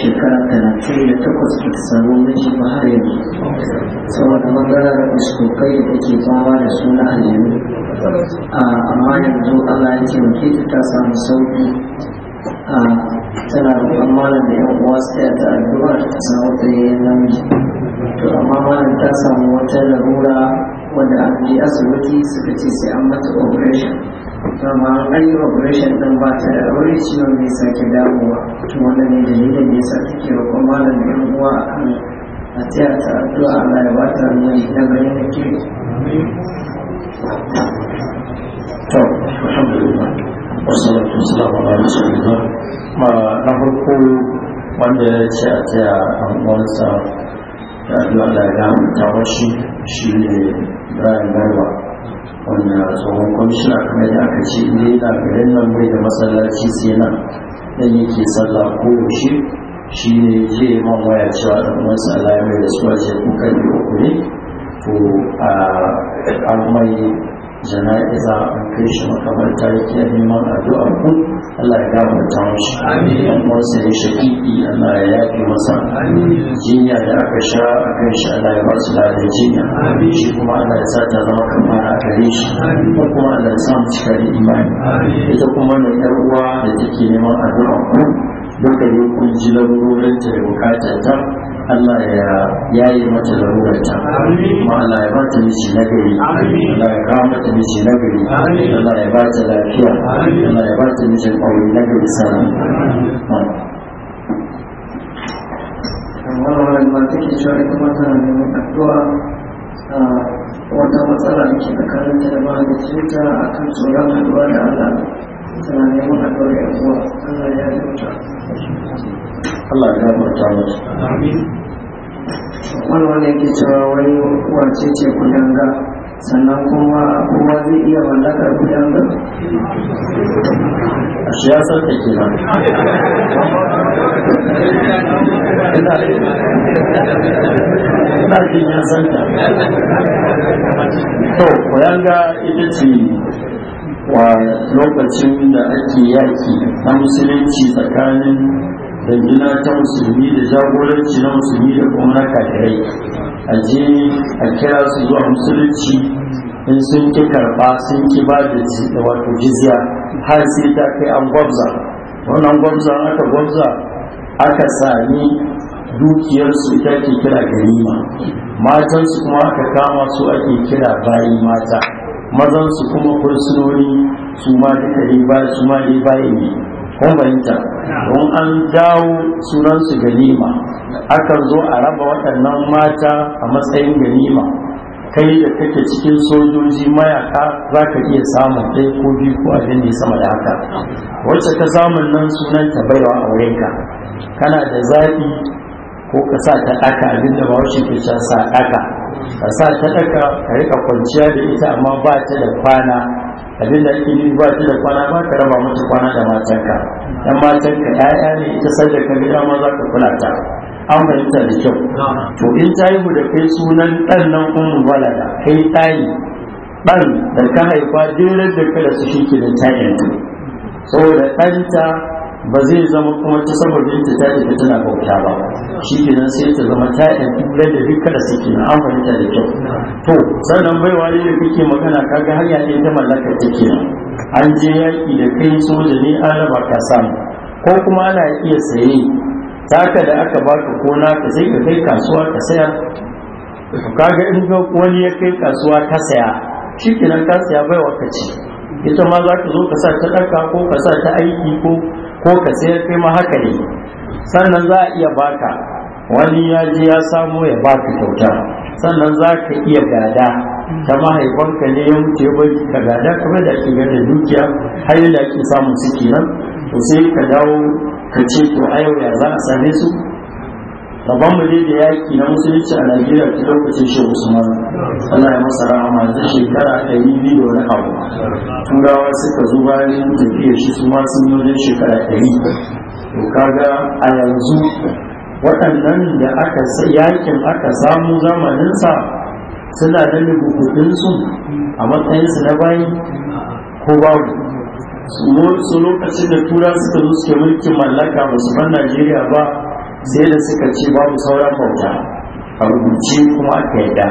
shekara talatin da takwas da ta samu miji ba har yanzu saboda maganar muskokai da take fama da suna aljanu amma yanzu allah ya taimake ta ta samu sauƙi. tana roƙon malam da yan uwa su ta addu'a ta samu tsayayyen namiji to amma malam ta samu wata larura wanda an je asibiti suka ce sai an mata operation dama an yi operation ɗin ba ta da aure ciwon mai sake damuwa to wanda ne dalilin da yasa take roƙon malam da yan uwa akan a taya ta addu'a Allah ya bata mai dangane da ke to alhamdulillah wassalatu wassalamu ala rasulillah ma na farko wanda ya ce a taya a uwansa da addu'a Allah ya ta mashi shi ne Ibrahim Baiwa wanda tsohon kwamishina kuma da aka ce ne na garin nan bai da masallaci sai nan dan yake sallah ko yaushe shi ne ke man waya cewa da kuma sallah mai da suwa ce yi uku ne to a an jana'iza an kai shi makamarta yake neman addu'ar ku Allah ya ta mashi amin wasu ya shakiki Allah ya yaki masa jinya da aka sha a kan shi Allah ya basu da jinya shi kuma Allah ya sa ta zama kamar a gare shi ko kuma Allah ya sa mu imani ita kuma na yar uwa da take neman addu'a ku duka yi kun ji lalurorin ta da bukata ta Allah ya yaye mata larurarta kuma Allah ya bata miji na gari Allah ya kawo mata miji na gari Allah ya bata lafiya Allah ya bata mijin aure na gari sana wannan wani ba take cewa ita mata na neman addu'a ah, wata matsala da ke tsakaninta da mara mahaifinta a kan tsoron haɗuwa da Allah tana neman addu'a da Allah ya yi mata Allah ya gafarta mata. Amin. wani wanda yake cewa wani wace ce kudanga sannan kuma kowa zai iya mallakar kudanga a shi ya ke nan ina to kudanga ita ce wa lokacin da ake yaki na musulunci tsakanin rundunar ta musulmi da jagoranci na musulmi da kuma na kakirai a je a kira su zuwa musulunci in sun ki karɓa sun ki ba da wato jizya har sai ta kai an gwabza wannan gwabza aka gwabza aka sami dukiyarsu ita ke kira ganima matansu kuma aka kama su ake kira bayi mata mazansu kuma fursunoni su ma duka bayi su ma bayi ne kun fahimta don an dawo sunansu ganima akan zo a raba waɗannan mata a matsayin ganima kai da kake cikin sojoji mayaka za ka iya samun ɗaya ko biyu ko abin da ya sama da haka wacce ta samun nan sunan ta baiwa a wurinka kana da zafi ko ka sa ta ɗaka abin da bawashi ke sa ɗaka ka sa ta ɗaka ka riƙa kwanciya da ita amma ba ta da kwana abin da ake nufi ba shi da kwana ba ka raba musu kwana da matanka dan matanka ƴaƴa ne ita sai ka gida ma za ka kula ta an fahimta da kyau to in ta yi da kai sunan ɗan nan ummu balada kai tayi ɗan da ka haifa jerar da ka da su shi ke da ta yanzu saboda ɗanta ba zai zama kuma ta saboda ita ta ta tana bauta ba shi ke nan sai ta zama ta ɗan da kada da suke na an da kyau to sannan baiwa ne da kuke magana kaga hanya ne ta mallakar ta nan. an je yaƙi da kai soja ne an raba ka samu ko kuma ana iya saye taka da aka baka ko naka sai ka kai kasuwa ka saya kaga in wani ya kai kasuwa ka saya shi kenan ka saya baiwa ka ci. ita ma za ka zo ka sa ta ɗaka ko ka sa ta aiki ko ko ka sayar kai ma haka ne sannan za a iya baka wani ya je ya samu ya baka kyauta sannan za ka iya gada ta mahaifanka ne ya mutu bai ka gada kamar da ake gada dukiya har yadda ake samun su kenan to sai ka dawo ka ce to a yau ya za a same su babban mu da yaki na musulunci a Najeriya ta lokacin shi Usman Allah ya masa rahama ta shekara ɗari biyu da wani abu wasu suka zo bayan tafiyar shi su ma sun yi shekara yi to kaga a yanzu waɗannan da aka yakin aka samu zamaninsa suna da su a matsayinsu na bayi ko babu su lokacin da tura suka zo suke mulkin mallaka musamman najeriya ba sai da suka ce babu sauran bauta a rubuce kuma aka yadda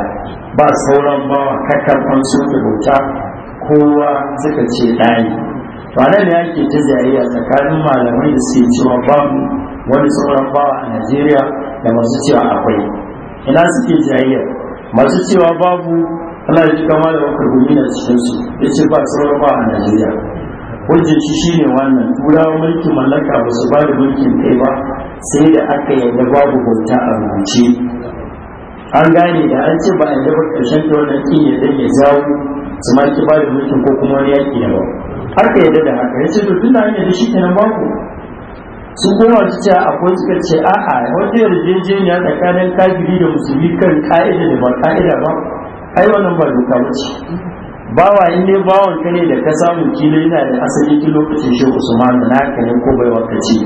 ba sauran bawa kakkafan sun da bauta kowa suka ce ɗaya. ba nan ya ta zariya tsakanin malamai da suke cewa babu wani sauran bawa a najeriya da masu cewa akwai ina suke zariya masu cewa babu ana da kama da wakar gumi na cikinsu ya ce ba sauran bawa a najeriya hujjar shi shine wannan turawa mulkin mallaka ba su ba da mulkin kai ba sai da aka yadda babu bauta a rubuce an gane da an ce ba a yadda ba ƙarshen ta wannan kin yadda ya zawo su ma ki ba da mulkin ko kuma wani yaki da ba aka yadda da haka ya ce to tun da an yadda shi kenan babu sun koma su ce akwai suka ce a'a wata yarjejeniya tsakanin kafiri da musulmi kan ka'ida da ba ka'ida ba ai wannan ba doka ba ce bawa in dai bawan ka ne da ka samu kilo yana da asali ki lokacin shi usman na ka ne ko bai wakaci?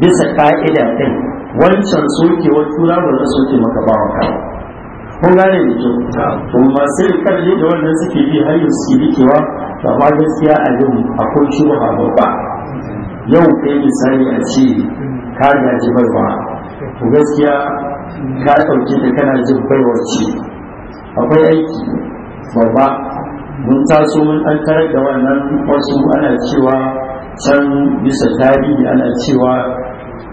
bisa ka'ida kai wancan sokewar tura ba za soke maka bawan ka kun gane ne to to masu kalle da wannan suke bi har yanzu su cewa ba ma gaskiya a yau akwai ba babba yau kai misali a ce ka gaji ba to gaskiya ka ɗauke da kana jin baiwar ci. akwai aiki babba mun taso mun an tarar da wannan wasu ana cewa can bisa tarihi ana cewa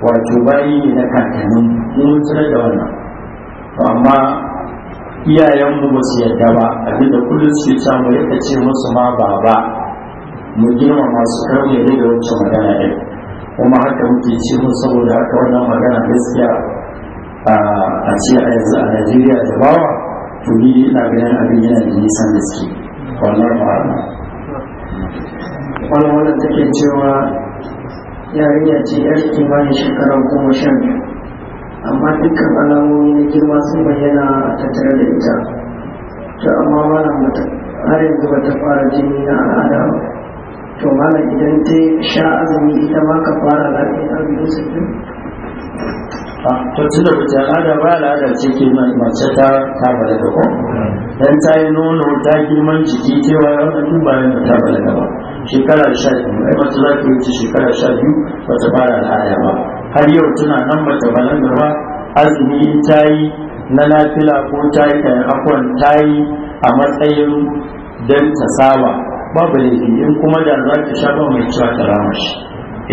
wato bayi ne na kakannin mun tarar da wannan amma iyayenmu ba su yadda ba abinda kullum suke ta mu yadda ce musu ma ba mu girma masu karni da wancan magana ɗin kuma haka muke ce mun saboda haka wannan magana gaskiya a ce a yanzu a najeriya da bawa to ni ina ganin abin yana da nisan gaske wallah ba'ala wani wanda take cewa yarinya ce yar kimanin shekara goma sha biyu amma dukkan alamomi na girma sun bayyana a tattare da ita to amma malam mata har yanzu ba ta fara jini na al'ada ba to malam idan ta sha azumi ita ma ka fara lafiya a biyu sittin to tun da bata ada ba da ce ke mace ta ta da ko dan ta yi nono ta girman jiki cewa wannan tun bayan da ta da ba shekara sha biyu ai mace za ki wuce shekara sha biyu ba ta fara al'ada ba har yau tuna nan ba ta da ba azumi ta yi na lafila ko ta yi kayan akwai ta yi a matsayin dan ta saba babu laifi in kuma da za ta sha ba mai cewa ta rama shi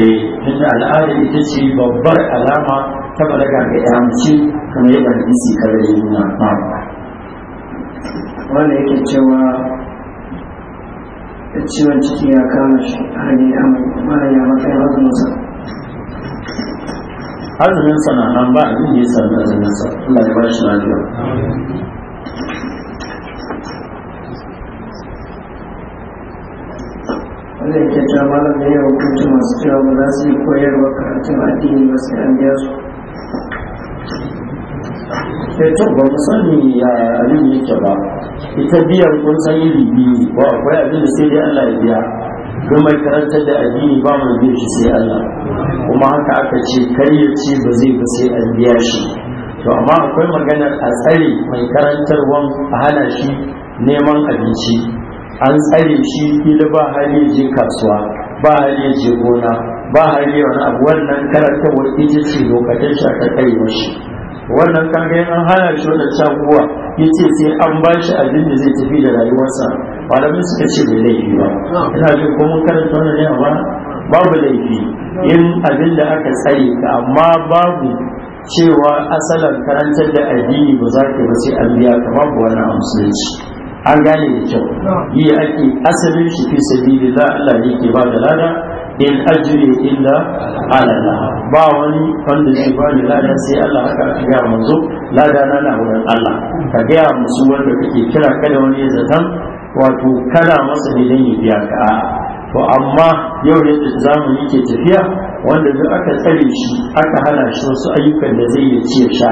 eh ina al'ada ita ce babbar alama ta balaga ga ya mace kamar yadda isi kare yi na ba wanda yake cewa ciwon ciki ya kama shi har ne amai mara ya maka ya maka musa azumin na nan ba abin da ya sami azumin sa Allah ya ba shi lafiya wanda yake cewa malam da ya kuncin masu cewa ba za su yi koyarwa karatun addini ba sai an biya su Eh, to ba mu sani ya abin yake ba ita biyan kun san iri biyu ba akwai abin da sai dai Allah ya biya don mai karantar da addini ba mai biya shi sai Allah kuma haka aka ce kar ya ce ba zai ba sai an biya shi to amma akwai maganar a tsare mai karantarwan a hana shi neman abinci an tsare shi fili ba hali je kasuwa ba hali je gona ba a yi wani abu wannan karantarwa ita ce lokacin shi aka karewa shi wannan kaga an hana shi wannan cakuwa ya ce sai an ba shi abin da zai tafi da rayuwarsa malamin suka ce bai laifi ba ina jin ko mun karanta wannan ne amma babu laifi in abin da aka tsare ka amma babu cewa asalin karantar da addini ba za ka ba sai an biya ka babu wannan musulunci an gane da kyau yi ake asalin shi fi sabili za Allah yake ba da lada in ajiye illa ala ba wani wanda zai ba ne lada sai Allah haka aka gaya manzo lada na na wurin Allah ka gaya musu wanda kake kira kada wani ya zaton wato kada masa ne dan biya ka to amma yau ne da zamani ke tafiya wanda duk aka tsare shi aka hana shi wasu ayyukan da zai ya ci sha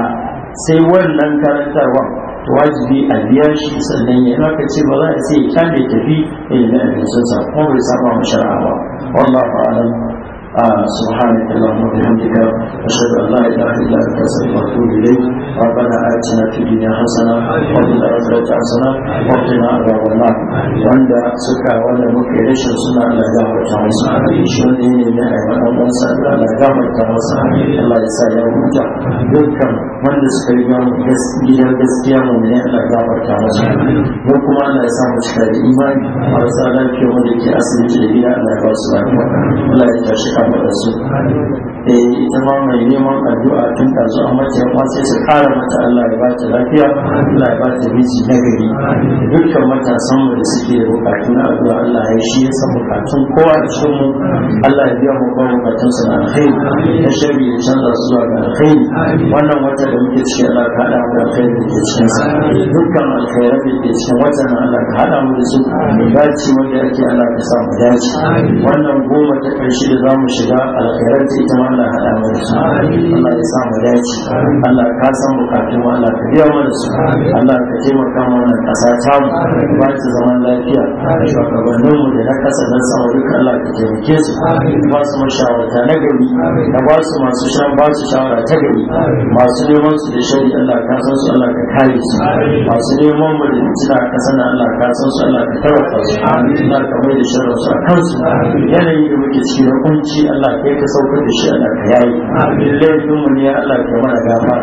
sai wannan karantarwa wajibi a biya shi sannan ya aka ce ba za a ce ya kyale tafi ya yi na abin sun sa kuma bai saba mu shara'a ba a'lam سبحانك اللهم وبحمدك أشهد أن لا إله إلا أنت أستغفرك وأتوب إليك ربنا آتنا في الدنيا حسنة وفي الآخرة حسنة وقنا عذاب النار وعند سكا ولا مكي ليش سنة على دعوة تعوصا شنو ديني من أيمان الله سنة على دعوة تعوصا الله يسعى ومتع دكم من سكيما gaskiya gaskiya mu ne Allah ya barka masa mu kuma Allah ya sa mu cika da imani marasa lafiya wanda ke asibiti da gida Allah ya ba su lafiya Allah ya tashi da su eh ita ma mai neman addu'a tun da zuwa mace ma sai su kara mata Allah ya ba ta lafiya Allah ya ba ta miji na gari dukkan matasan mu da suke da bukatun addu'a Allah ya shi ya san bukatun kowa da cikin mu Allah ya biya mu kowa bukatun sa alkhairi ya shari ya canza su zuwa ga alkhairi wannan wata da muke cikin Allah ka hada mu da alkhairi da ke cikin sa dukkan alkhairai da ke cikin na Allah ka hada mu da su dace wanda ake Allah ka sa mu dace wannan goma ta ƙarshe da zamu shiga alkhairar ta ita wanda haɗa mu da su Allah ya sa mu dace Allah ka san bukatun mu Allah ka biya mana su Allah ka taimaka mana ƙasa ta mu ba ta zaman lafiya shugabannin mu da na ƙasa na samu duka Allah ka taimake su ba su mashawarta na gari Da ba su masu shan ba su shawara ta gari masu neman su da shari Allah ka san su Allah ka kare su masu neman mu da tsira ka san Allah ka san su Allah ka tarwata su Allah ka mai da sharri su a kansu yanayi da muke cikin hukunci Allah kai ka saukar da shi Allah ka yayi amin laifin mu ne Allah ka mana gafa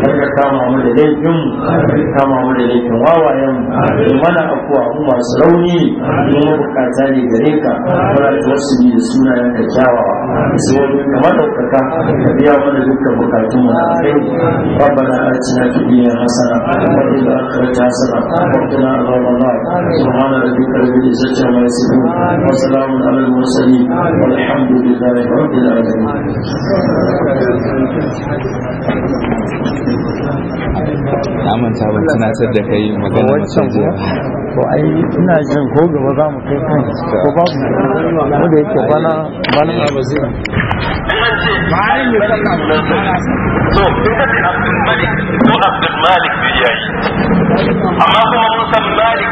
kar ka kama mu da laifin mu kama mu da laifin wawayen mu mana afuwa mu masu rauni mu mabukata ne gare ka fara tawassuli da sunayen ka kyawawa su wani daukaka ka biya mana dukkan bukatun mu kai ربنا آتنا في الدنيا حسنة وفي الآخرة والحمد لله لله رب العالمين Amin ta ban tunatar da kai magana wancan jiya. Ko ai ina jin ko gaba za mu kai kan ko babu ko da yake bana bana ba zai. Bayan ya saka mu to Abdul Malik ko Abdul Malik bi yayi. Amma kuma mun san Malik